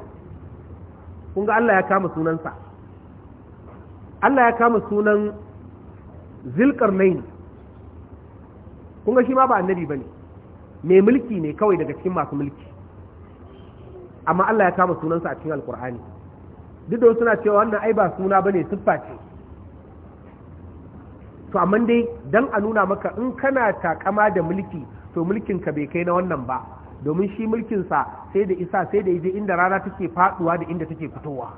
kun ga Allah ya kama sunansa Allah ya kama sunan zilkar kun ga shi ma ba annabi ba ne mai mulki ne kawai daga cikin masu mulki amma Allah ya kama sunansa a cikin alkur'ani duk da suna cewa wannan ai ba suna bane siffa ce to amma dai dan a nuna maka in kana takama da mulki to mulkin ka bai kai na wannan ba domin shi mulkin sa, sai da isa sai da yaje inda rana take faduwa da inda take fitowa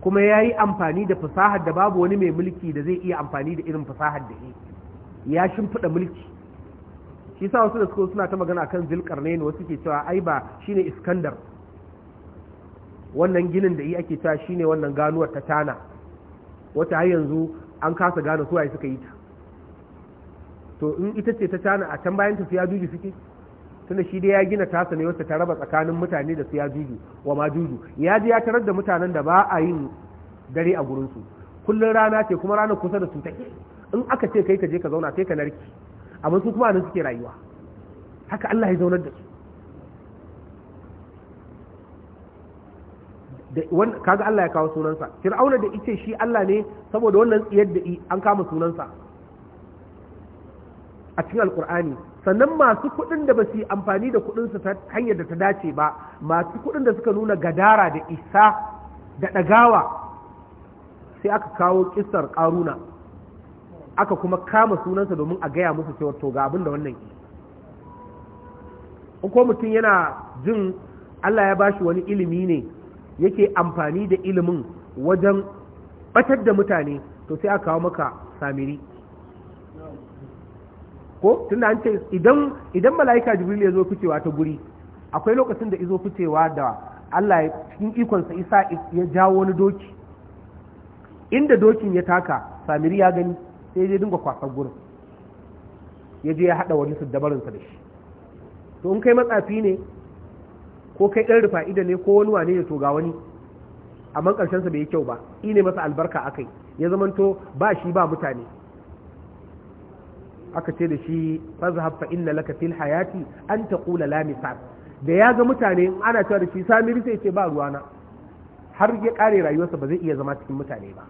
kuma ya yi amfani da fasahar da babu wani mai mulki da zai iya amfani da irin fasahar da ya shimfiɗa mulki shi sa wasu da suka suna ta magana kan zulkarnain wasu ke cewa ai ba shine iskandar wannan ginin da yi ake cewa shine wannan ganuwar ta tana wata har yanzu an kasa gane suwaye suka yi ta to in ita ce ta tana a can bayan ta su ya juju suke tunda shi dai ya gina tasa ne wata ta raba tsakanin mutane da su ya juju wa ma juju ya ji ya tarar da mutanen da ba a yin dare a gurinsu kullum rana ce kuma ranar kusa da su take in aka ce kai ka je ka zauna sai ka narki amma su kuma nan suke rayuwa haka Allah ya zaunar da su kaga Allah ya kawo sunansa fir'auna da ice shi Allah ne saboda wannan tsiyar da an kama sunansa a cikin alkur'ani sannan masu kuɗin da ba su yi amfani da kuɗinsu ta hanyar da ta dace ba masu kuɗin da suka nuna gadara da isa da ɗagawa sai aka kawo ƙisar ƙaruna aka kuma kama sunansa domin a gaya musu cewa to ga abin da wannan ke ko mutum yana jin Allah ya bashi wani ilimi ne yake amfani da ilimin wajen batar da mutane to sai aka kawo maka samiri ko tunda an ce idan idan mala'ika jibril ya zo ficewa ta guri akwai lokacin da izo ficewa da Allah cikin ikonsa isa ya jawo wani doki inda dokin ya taka samiri ya gani sai dai dinga kwasar gurin ya je ya haɗa wani siddabarinsa da shi to in kai matsafi ne ko kai ɗan rufa ida ne ko wani wane ya to ga wani amma ƙarshensa bai yi kyau ba ne masa albarka akai ya zamanto ba shi ba mutane aka ce da shi fazhab haffa inna laka fil hayati an ta ƙula lamisa da ya ga mutane ana cewa da shi sami rufe ce ba ruwana har ya ƙare rayuwarsa ba zai iya zama cikin mutane ba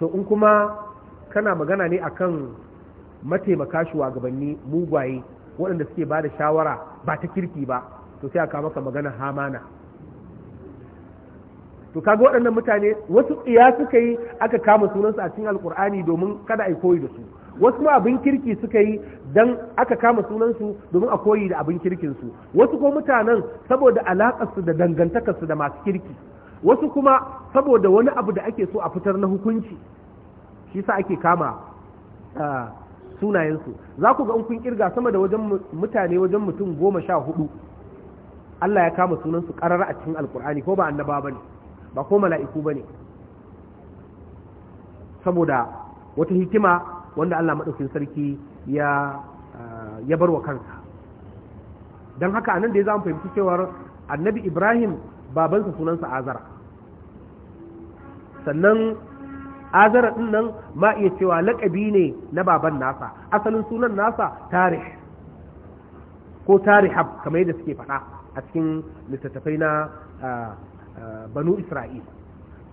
to in kuma kana magana ne akan mataimaka shugabanni mugwaye waɗanda suke ba da shawara ba ta kirki ba to sai aka maka magana hamana to kaga waɗannan mutane wasu iya suka yi aka kama sunansu a cikin alkur'ani domin kada a koyi da su wasu ma abin kirki suka yi don aka kama sunansu domin a koyi da abin kirkinsu wasu ko mutanen saboda alaƙarsu da dangantakarsu da masu kirki wasu kuma saboda wani abu da ake so a fitar na hukunci shi sa ake kama sunayensu za ku ga in kun kirga sama da wajen mutane wajen mutum goma sha hudu Allah ya kama sunansu karara a cikin alkur'ani ko ba annaba ba ne ba ko mala'iku ba ne saboda wata hikima wanda Allah maɗaukin sarki ya ya bar wa kansa don haka anan da ya za mu fahimci cewar annabi ibrahim babansa sunansa azara sannan azara din nan ma iya cewa laƙabi ne na baban nasa asalin sunan nasa tarih ko tarihab kamar yadda suke faɗa a cikin littattafai na banu isra'il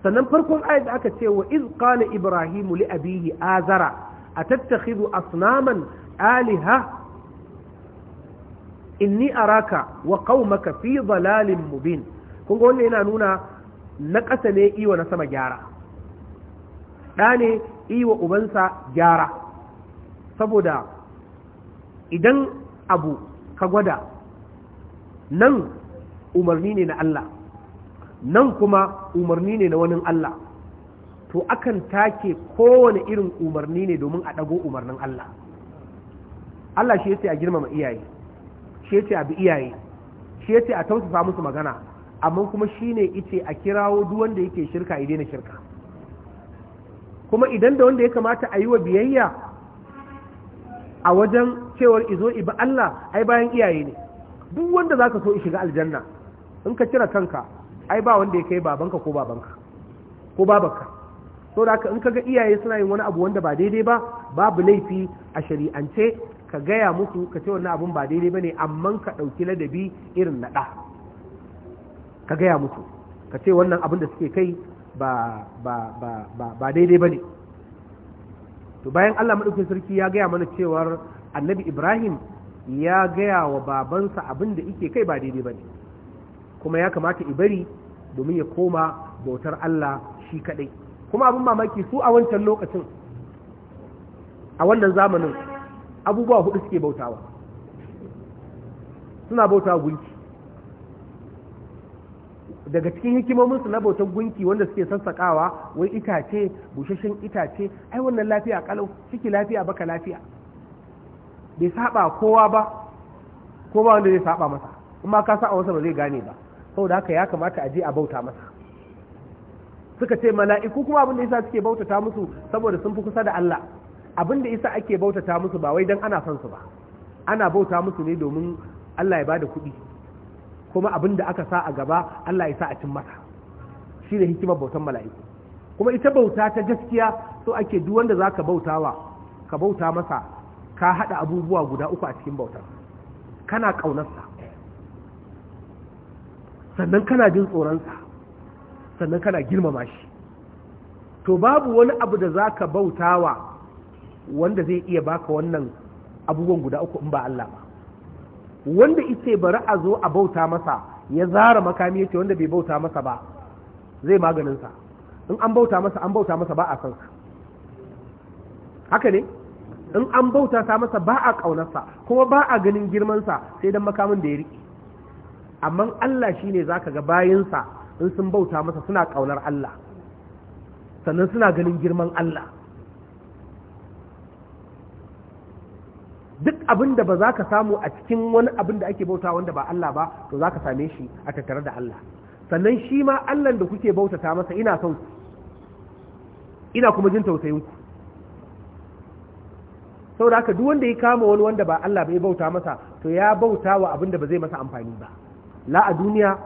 sannan farkon ayat da aka ce wa iz qala ibrahimu li abihi azara atattakhidhu asnaman aliha inni araka wa qaumaka fi dhalalin mubin kun ga wannan yana nuna na ƙasa ne iwa na sama gyara ɗa ne iwa ubansa gyara saboda idan abu ka gwada nan umarni ne na Allah nan kuma umarni ne na wani Allah to akan take kowane irin umarni ne domin a ɗago umarnin Allah Allah shi ya ce a girmama iyaye shi ya ce a bi iyaye shi ya ce a tausasa musu magana amma kuma shine ice a kirawo duk wanda yake shirka a daina shirka kuma idan da wanda ya kamata a yi wa biyayya a wajen cewar izo ibi Allah ai bayan iyaye ne duk wanda zaka so shiga aljanna in ka cira kanka ai ba wanda ya kai babanka ko babanka ko babanka so da in ka ga iyaye suna yin wani abu wanda ba daidai ba babu laifi a shari'ance ka gaya musu ka ce wannan abun ba daidai ba ne amma ka ɗauki ladabi irin na ɗa ka gaya musu ka ce wannan abin da suke kai ba daidai ba ne. to bayan Allah madaukakin sarki ya gaya mana cewar annabi Ibrahim ya gaya wa babansa abin da yake kai ba daidai ba ne. kuma ya kamata ibari domin ya koma bautar Allah shi kaɗai. kuma abin mamaki su a wancan lokacin a wannan zamanin abubuwa hudu suke bautawa suna bautawa gunki daga cikin hikimomin su na bautan gunki wanda suke sassakawa wai itace bushashen itace ai wannan lafiya kalau ciki lafiya baka lafiya bai saba kowa ba ko ba wanda zai saba masa kuma ka saba masa ba zai gane ba saboda haka ya kamata a je a bauta masa suka ce mala'iku kuma abin da yasa suke bautata musu saboda sun fi kusa da Allah abin da yasa ake bautata musu ba wai dan ana son su ba ana bauta musu ne domin Allah ya bada kuɗi kuma abin da aka sa a gaba Allah ya sa a cin masa shi ne hikimar bautan mala'iku kuma ita bauta ta gaskiya so ake duk wanda zaka bautawa ka bauta masa ka hada abubuwa guda uku a cikin bautar kana ƙaunarsa sannan kana jin tsoronsa sannan kana girmama shi to babu wani abu da zaka bautawa wanda zai iya baka wannan abubuwan guda uku in ba Allah ba wanda ice bari a zo a bauta masa ya zara makami yake wanda bai bauta masa ba zai maganin sa in an bauta masa an bauta masa ba a san haka ne in an bauta ta masa ba a ƙaunarsa kuma ba a ganin girmansa sai dan makamin da ya riƙe amma Allah shine zaka ga bayinsa in sun bauta masa suna ƙaunar Allah sannan suna ganin girman Allah duk abin da ba za ka samu a cikin wani abin da ake bauta wanda ba Allah ba to za ka same shi a tattare da Allah sannan shi ma Allah da kuke bautata masa ina son ku ina kuma jin tausayin ku da haka duk wanda ya kama wani wanda ba Allah ba ya bauta masa to ya bauta wa abin da ba zai masa amfani ba la a duniya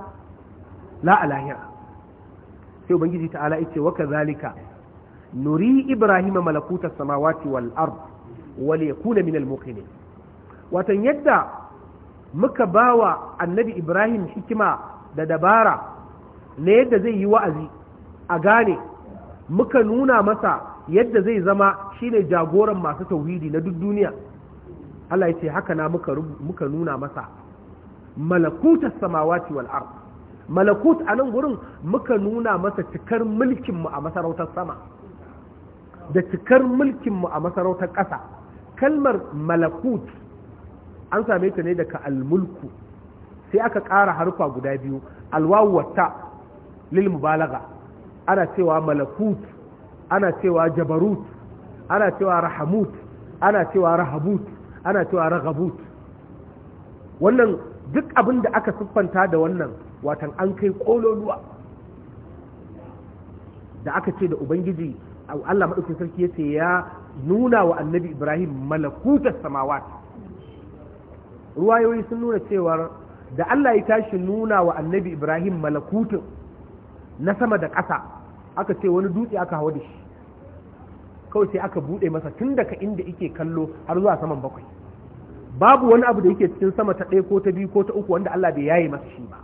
la a lahira sai ubangiji ta'ala ya ce wa kazalika nuri ibrahima malakuta samawati wal ard wal yakuna minal muqinin watan yadda muka bawa annabi ibrahim hikima da dabara na yadda zai yi wa'azi a gane muka nuna masa yadda zai zama shine jagoran masu tauhidi na duk duniya Allah ya ce haka na muka, nuna masa malakutas samawati wal ard malakut a nan gurin muka nuna masa cikar mulkinmu a masarautar sama da cikar mulkinmu a masarautar ƙasa kalmar malakut an same ta ne daga almulku sai aka ƙara harfa guda biyu alwawata lil mubalaga ana cewa malakut ana cewa jabarut ana cewa rahamut ana cewa rahabut ana cewa ragabut wannan duk abin da aka siffanta da wannan watan an kai kololuwa da aka ce da ubangiji Allah maɗaukin sarki ya ce ya nuna wa annabi ibrahim malakutar samawat ruwayoyi sun nuna cewar da allah ya tashi nuna wa annabi ibrahim malakutun na sama da ƙasa aka ce wani dutse aka hawa da shi kawai sai aka buɗe masa tun daga inda ike kallo har zuwa saman bakwai babu wani abu da yake cikin sama ta ɗaya ko ta biyu ko ta uku wanda allah bai yaye masa shi ba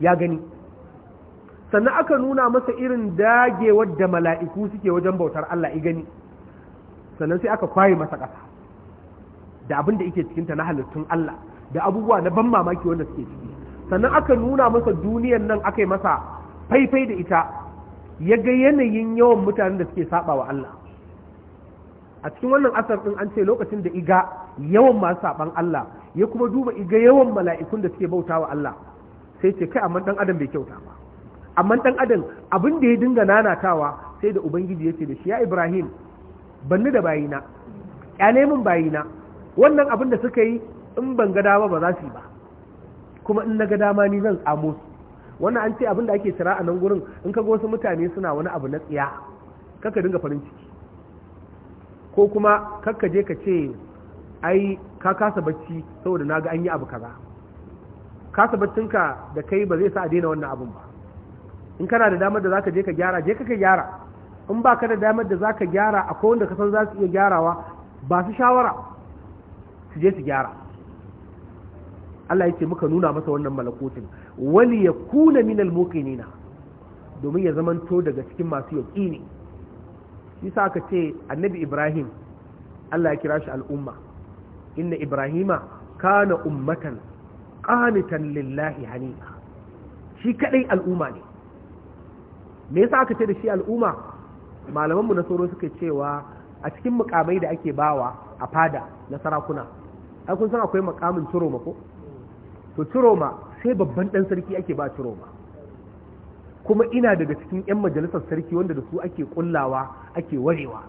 ya gani sannan aka nuna masa irin dagewar da mala'iku suke wajen bautar allah i gani sannan sai aka kwaye masa ƙasa da abin da yake cikinta na halittun Allah da abubuwa na ban mamaki wanda suke ciki sannan aka nuna masa duniyan nan aka yi masa faifai da ita ya ga yanayin yawan mutanen da suke saba wa Allah a cikin wannan asar din an ce lokacin da iga yawan masu saɓan Allah ya kuma duba iga yawan mala'ikun da suke bauta wa Allah sai ce kai amma dan adam bai kyauta ba amma dan adam abin da ya dinga nanatawa sai da ubangiji ya ce da shi ya Ibrahim banni da bayina kyale min bayina wannan abin da suka yi in ban ga dama ba za su yi ba kuma in na ga dama ni zan tsamo su wannan an ce abin da ake tara a nan gurin in ka ga wasu mutane suna wani abu na tsiya kaka dinga farin ciki ko kuma kakka je ka ce ai ka kasa bacci saboda na ga an yi abu kaza kasa baccinka da kai ba zai sa a daina wannan abin ba in kana da damar da za ka je ka gyara je ka ka gyara in ba ka da damar da za ka gyara a kowanda kasar za su iya gyarawa ba su shawara su je su gyara Allah ya ce muka nuna masa wannan malakotin Wani ya kuna minal mokini na domin ya zamanto daga cikin masu ne. shi sa aka ce annabi Ibrahim Allah ya kira shi al'umma inna Ibrahima kana ummatan qanitan lillahi hanifa shi kadai al'umma ne me yasa aka ce da shi al'umma malamanmu na sauro suka cewa a cikin mukamai da ake bawa a fada na sarakuna ai kun san akwai mukamin ciroma ko to ciroma sai babban dan sarki ake ba ciroma kuma ina daga cikin yan majalisar sarki wanda da su ake kullawa ake warewa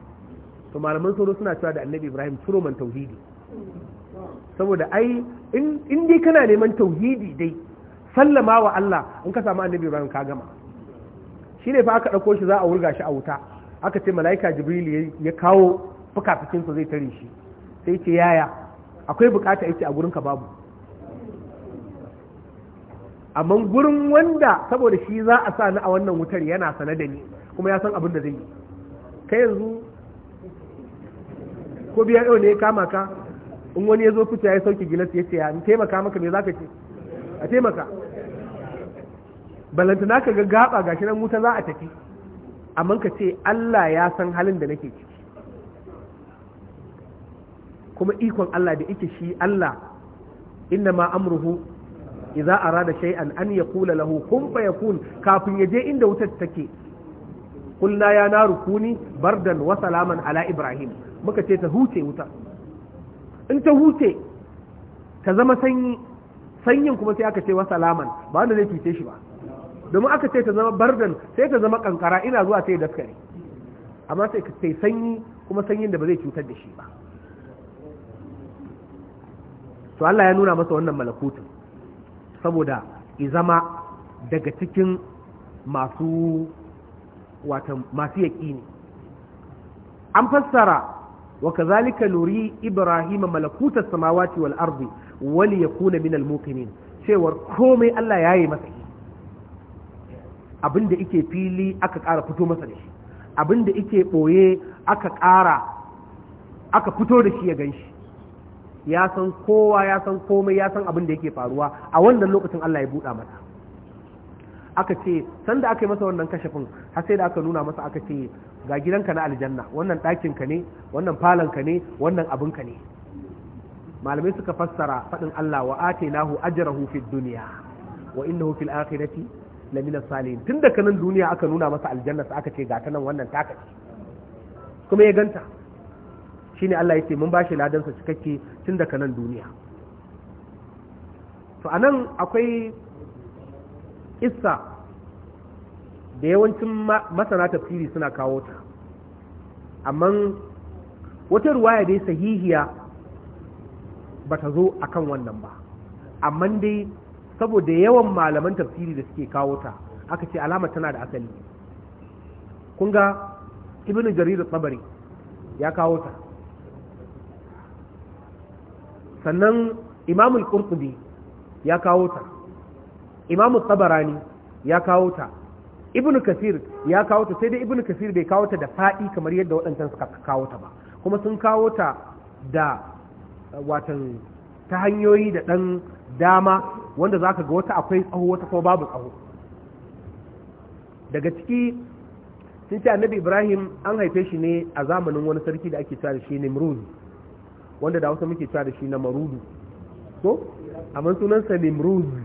to malaman soro suna cewa da annabi ibrahim ciroman tauhidi saboda ai in dai kana neman tauhidi dai sallama wa Allah in ka samu annabi Ibrahim ka gama shi ne fa aka ɗauko shi za a wurga shi a wuta aka ce mala'ika jibril ya kawo fukafikinsa zai tare shi sai ce yaya akwai bukata yake a gurinka babu amma gurin wanda saboda shi za a sa ni a wannan wutar yana sane da ni kuma ya san abin da zai yi kai yanzu ko biya yau ne ya kama ka in wani ya zo fita ya sauke gilas ya ce ya taimaka maka me zaka ce a taimaka balantana ka ga gaba gashi nan wuta za a tafi amma ka ce Allah ya san halin da nake ciki kuma ikon Allah da ike shi Allah inna ma amruhu idza arada shay'an an yaqula lahu kun yakun. kafin ya je inda wutar take kullu ya naru kuni bardan wa salaman ala ibrahim muka ce ta huce wuta in ta huce ta zama sanyi sanyin kuma sai aka ce wa salaman ba wanda zai cuce shi ba domin aka ce ta zama bardan sai ta zama kankara ina zuwa sai daskare amma sai ka sai sanyi kuma sanyin da ba zai cutar da shi ba to Allah ya nuna masa wannan malakutun saboda i zama daga cikin masu watan masu an fassara wa kazalika nuri ibrahima malakutas samawati wal ardi wal yakuna min al cewar komai Allah ya yi masa abin da ike fili aka ƙara fito masa da shi abin da ike ɓoye aka ƙara aka fito da shi ya ganshi shi ya san kowa ya san komai ya san abin da yake faruwa a wannan lokacin Allah ya buɗa mata aka ce sanda aka yi masa wannan kashafin har sai da aka nuna masa aka ce ga gidanka na aljanna wannan ɗakin ka ne wannan falon ka ne wannan abin ka ne malamai suka fassara faɗin Allah wa atainahu ajrahu fid dunya wa innahu fil akhirati lamina salihin tun da nan duniya aka nuna masa aljanna aka ce ga ta nan wannan taka ce kuma ya ganta shine Allah ya ce mun bashi ladan sa cikakke tun daga nan duniya to anan akwai issa da yawancin masana tafsiri suna kawo ta amma wata ruwaya dai sahihiya ba ta zo akan wannan ba amma dai saboda yawan malaman tafsiri da suke kawo ta aka ce alama tana da asali kun ga ibn jarir tsabari ya kawo ta sannan imam al-qurtubi ya kawo ta imam tabarani ya kawo ta ibn kasir ya kawo ta sai dai ibn kasir bai kawo ta da faɗi kamar yadda waɗancan suka kawo ta ba kuma sun kawo ta da watan ta hanyoyi da ɗan dama wanda za ka ga wata akwai tsaho wata kuma babu tsaho daga ciki sun ce annabi ibrahim an haife shi ne a zamanin wani sarki da ake cewa da shi nimruzi wanda da wasu muke cewa da shi na marudu ko amma sunansa nimruzi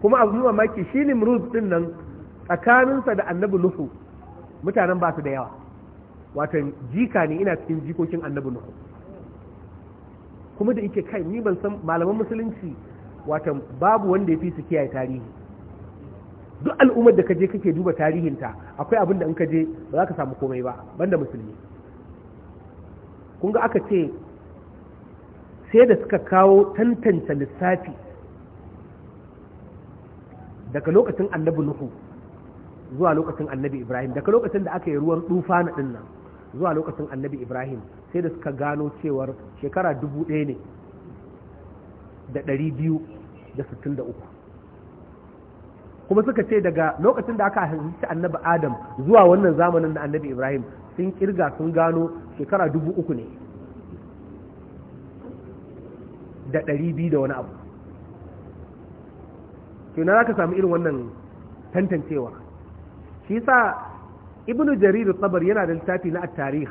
kuma abu mamaki shi nimruz din nan tsakaninsa da annabi nuhu mutanen ba su da yawa watan jika ne ina cikin jikokin annabi nuhu kuma da yake kai ni ban san malaman musulunci watan babu wanda ya fi su kiyaye tarihi duk al'ummar da kaje kake duba tarihinta akwai abin da in kaje ba za ka samu komai ba banda musulmi kun ga aka ce sai da suka kawo tantance lissafi daga lokacin annabi nuhu zuwa lokacin annabi ibrahim daga lokacin da aka yi ruwan tsufa na dinnan zuwa lokacin annabi ibrahim sai da suka gano cewar shekara dubu ɗaya ne da ɗari biyu da sittin da uku kuma suka ce daga lokacin da aka halitta annabi adam zuwa wannan zamanin da annabi ibrahim sun kirga sun gano shekara dubu uku ne da ɗari biyu da wani abu kenan za ka sami irin wannan tantancewa shi sa ibnu jarir sabar yana da littafi na at-tarikh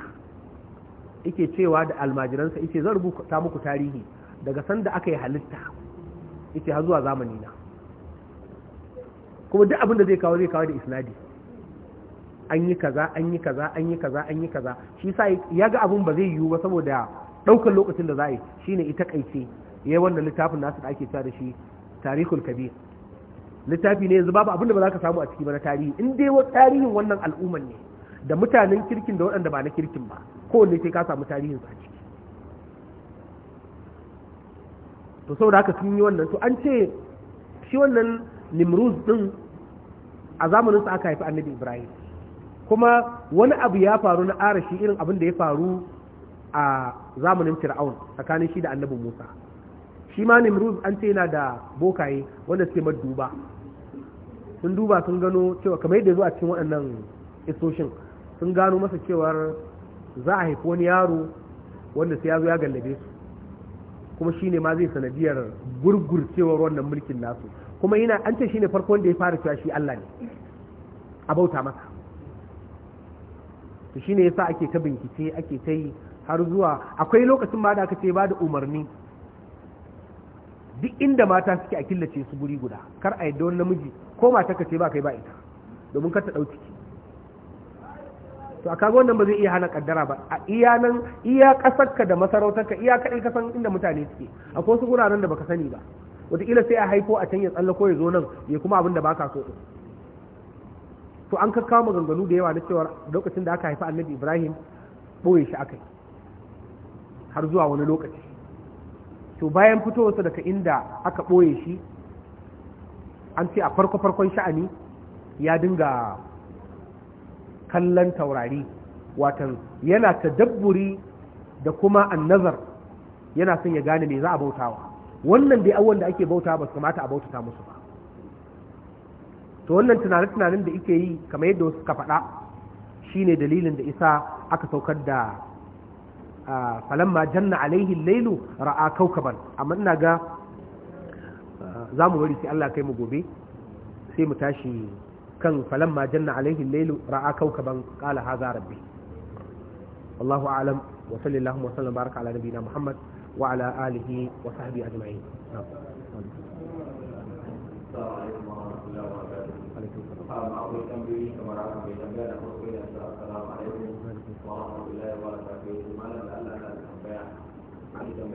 yake cewa da almajiransa yake zan rubuta muku tarihi daga sanda aka yi halitta yake har zuwa zamani na kuma duk abin da zai kawo zai kawo da isnadi an yi kaza an yi kaza an yi kaza an yi kaza shi sa ya ga abin ba zai yiwu ba saboda ɗaukar lokacin da za a yi shine ita kaice yayi wannan littafin nasu da ake cewa da shi tarihul kabir littafi ne yanzu babu abin da ba za ka samu a ciki ba na tarihi in dai tarihin wannan al'umman ne da mutanen kirkin da waɗanda ba na kirkin ba kowanne sai ka samu tarihin sa ciki to saboda haka sun yi wannan to an ce shi wannan nimruz din a zamanin sa aka haifi annabi ibrahim kuma wani abu ya faru na arashi irin abin da ya faru a zamanin fir'aun tsakanin shi da annabi musa shi ma nimruz an ce yana da bokaye wanda suke maduba sun duba sun gano cewa kamar yadda zuwa cikin waɗannan isoshin sun gano masa cewar za a haifi wani yaro wanda sai ya zo ya gallabe su kuma shi ne ma zai sanadiyar gurgur cewar wannan mulkin nasu kuma yana an ce shi ne farko wanda ya fara cewa shi Allah ne a bauta masa to shine yasa ake ta bincike ake ta yi har zuwa akwai lokacin ma da aka ce ba da umarni duk inda mata suke a killace su guri guda kar a yadda wani namiji ko mata ka ce ba kai ba ita domin kar ta ɗau ciki to a kaga wannan ba zai iya hana kaddara ba a iya nan iya kasarka da masarautarka iya kaɗai kasan inda mutane suke akwai wasu guraren da baka sani ba wataƙila sai a haifo a can ya ko ya zo nan ya kuma abin da baka so to an kakkawo maganganu da yawa na cewa lokacin da aka haifi annabi ibrahim ɓoye shi aka yi har zuwa wani lokaci to bayan fitowarsa daga inda aka ɓoye shi an ce a farko-farkon sha'ani ya dinga kallon taurari watan yana tadabburi da kuma annazar yana son ya gane me za a bautawa wannan dai awon da ake bauta ba su kamata a bautata musu ba to wannan tunanin-tunanin da ike yi kamar yadda wasu ka faɗa shine dalilin da isa aka saukar da falamma janna alaihi lailu ra'a kaukaban amma ina ga eh, za mu bari sai Allah kai mu gobe sai mu tashi kan falamma janna alaihi lailu ra'a kaukaban qala hadha rabbi wallahu a'lam wa sallallahu wa sallam baraka ala nabiyina muhammad wa ala alihi wa sahbihi ajma'in Thank you.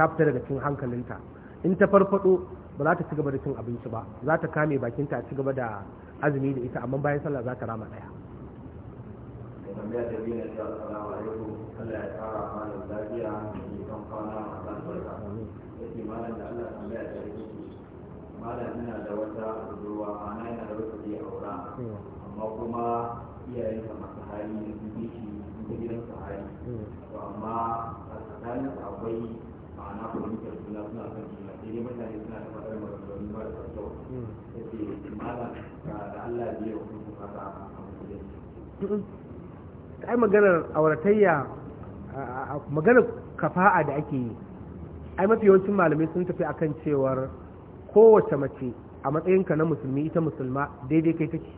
ta fita daga cikin hankalinta in ta farfado ba za ta ci gaba da cin abinci ba za ta kame bakinta a ci gaba da azumi da ita amma bayan sallah za ta rama daya malam ina da wata budurwa ma'ana yana da wata zai aura amma kuma iyayensa masu hali da su gidan su hali to amma a tsakanin akwai ma'ana suna suna kan juna sai ai maganar auratayya maganar kafa'a da ake yi ai mafi yawancin malamai sun tafi akan cewar kowace mace a matsayinka na musulmi ita musulma daidai kai take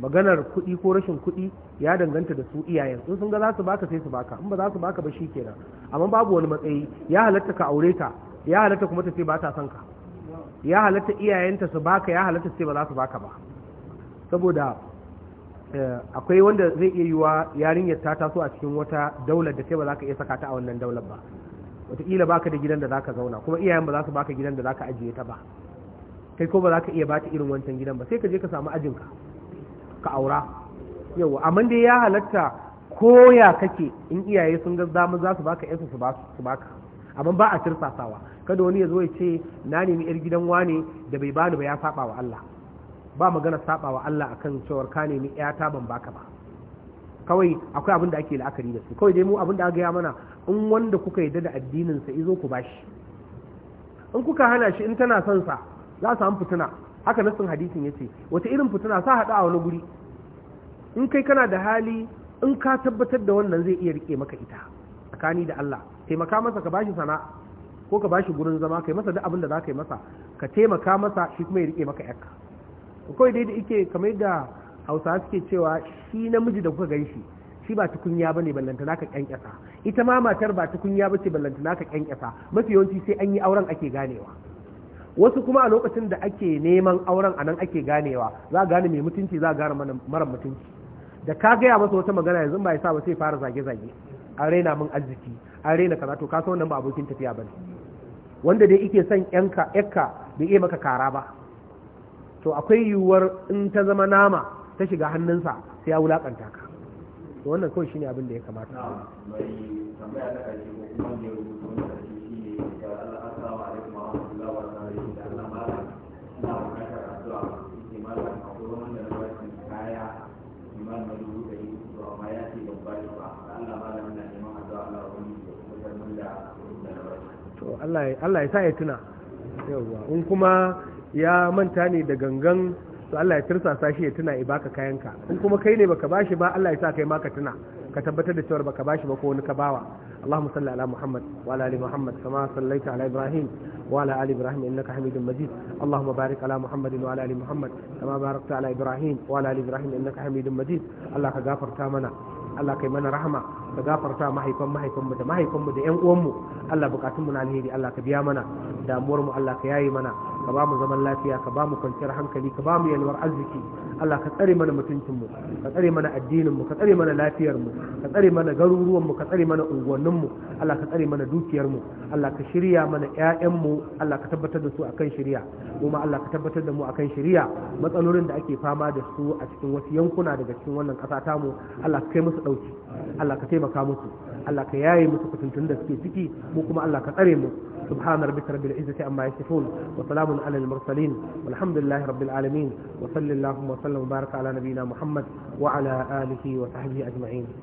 maganar kuɗi ko rashin kuɗi ya danganta da su iyayen in sun ga za su baka sai su baka in ba za su baka ba shikenan amma babu wani matsayi ya halatta ka aure ta ya halatta kuma ta ce ba ta son ka ya halatta iyayenta su baka ya halatta ce ba za su baka ba saboda eh, akwai wanda zai iya yiwa yarinyar ta taso a cikin wata daular da ce ba za ka iya saka ta a wannan daular ba wataƙila baka da gidan da za ka zauna kuma iyayen ba za su baka gidan da za ka ajiye ta ba kai ko ba za ka iya ba ta irin wancan gidan ba sai ka je ka samu ajinka ka aura yau amma dai ya halatta koya kake in iyaye sun ga zamu za su baka yansu su baka amma ba a tirsasawa kada wani ya zo ya ce na nemi yar gidan wane da bai bani ba ya saba wa Allah ba magana saba wa Allah akan cewar ka nemi ta ban baka ba kawai akwai abin da ake la'akari da su kawai dai mu abin da aka mana in wanda kuka yarda da addinin sa izo ku bashi in kuka hana shi in tana son sa za su samu fitina haka nassin hadisin yace wata irin fituna sa hada a wani guri in kai kana da hali in ka tabbatar da wannan zai iya rike maka ita tsakani da Allah taimaka masa ka bashi sana'a ko ka bashi gurin zama kai masa duk abin da zaka yi masa ka taimaka masa shi kuma ya rike maka yakka kawai dai da yake kamar da hausawa suke cewa shi namiji da kuka ganshi shi shi ba tukunya bane ballanta naka kyankyasa ita ma matar ba tukunya bace ballanta naka kyankyasa mafi yawanci sai an yi auren ake ganewa wasu kuma a lokacin da ake neman auren anan ake ganewa za gane mai mutunci za gane mara mutunci da ka gaya masa wata magana yanzu ba ya sa ba sai fara zage-zage a raina min arziki a raina kaza to ka san wannan ba abokin tafiya ba ne. wanda dai ike son yanka yakka bai iya maka kara ba to akwai yiwuwar in ta zama nama ta shiga hannunsa sai ya wulakanta ka to wannan kawai shine abin da ya kamata Allah ya sa ya tuna yawwa in kuma ya manta ne da gangan to Allah ya tirsasa shi ya tuna ya baka kayanka in kuma kai ne baka bashi ba Allah ya sa kai ma ka tuna ka tabbatar da cewa baka bashi ba ko wani ka bawa اللهم صل على محمد وعلى ال محمد كما صليت على ابراهيم وعلى ال ابراهيم انك حميد مجيد اللهم بارك على محمد وعلى ال محمد كما باركت على ابراهيم وعلى ال ابراهيم انك حميد مجيد الله كغفرت منا Allah kai mana rahama ka gafarta mahaifan mahaifan mu da mahaifan mu da ƴan uwan mu Allah bukatun mu na alheri Allah ka biya mana damuwar mu Allah ka yaye mana ka ba mu zaman lafiya ka ba mu kwanciyar hankali ka ba mu yalwar arziki Allah ka tsare mana mutuncin mu ka tsare mana addinin mu ka tsare mana lafiyar mu ka tsare mana garuruwan mu ka tsare mana unguwannin mu Allah ka tsare mana dukiyar mu Allah ka shirya mana ƴaƴan mu Allah ka tabbatar da su akan shirya kuma Allah ka tabbatar da mu akan shirya matsalolin da ake fama da su a cikin wasu yankuna daga cikin wannan kasata mu Allah ka kai musu ɗauki Allah ka taimaka musu Allah ka yaye musu kutuntun da suke ciki mu kuma Allah ka tsare mu سبحان ربك رب العزة عما يصفون وسلام على المرسلين والحمد لله رب العالمين وصل اللهم وسلم وبارك على نبينا محمد وعلى آله وصحبه أجمعين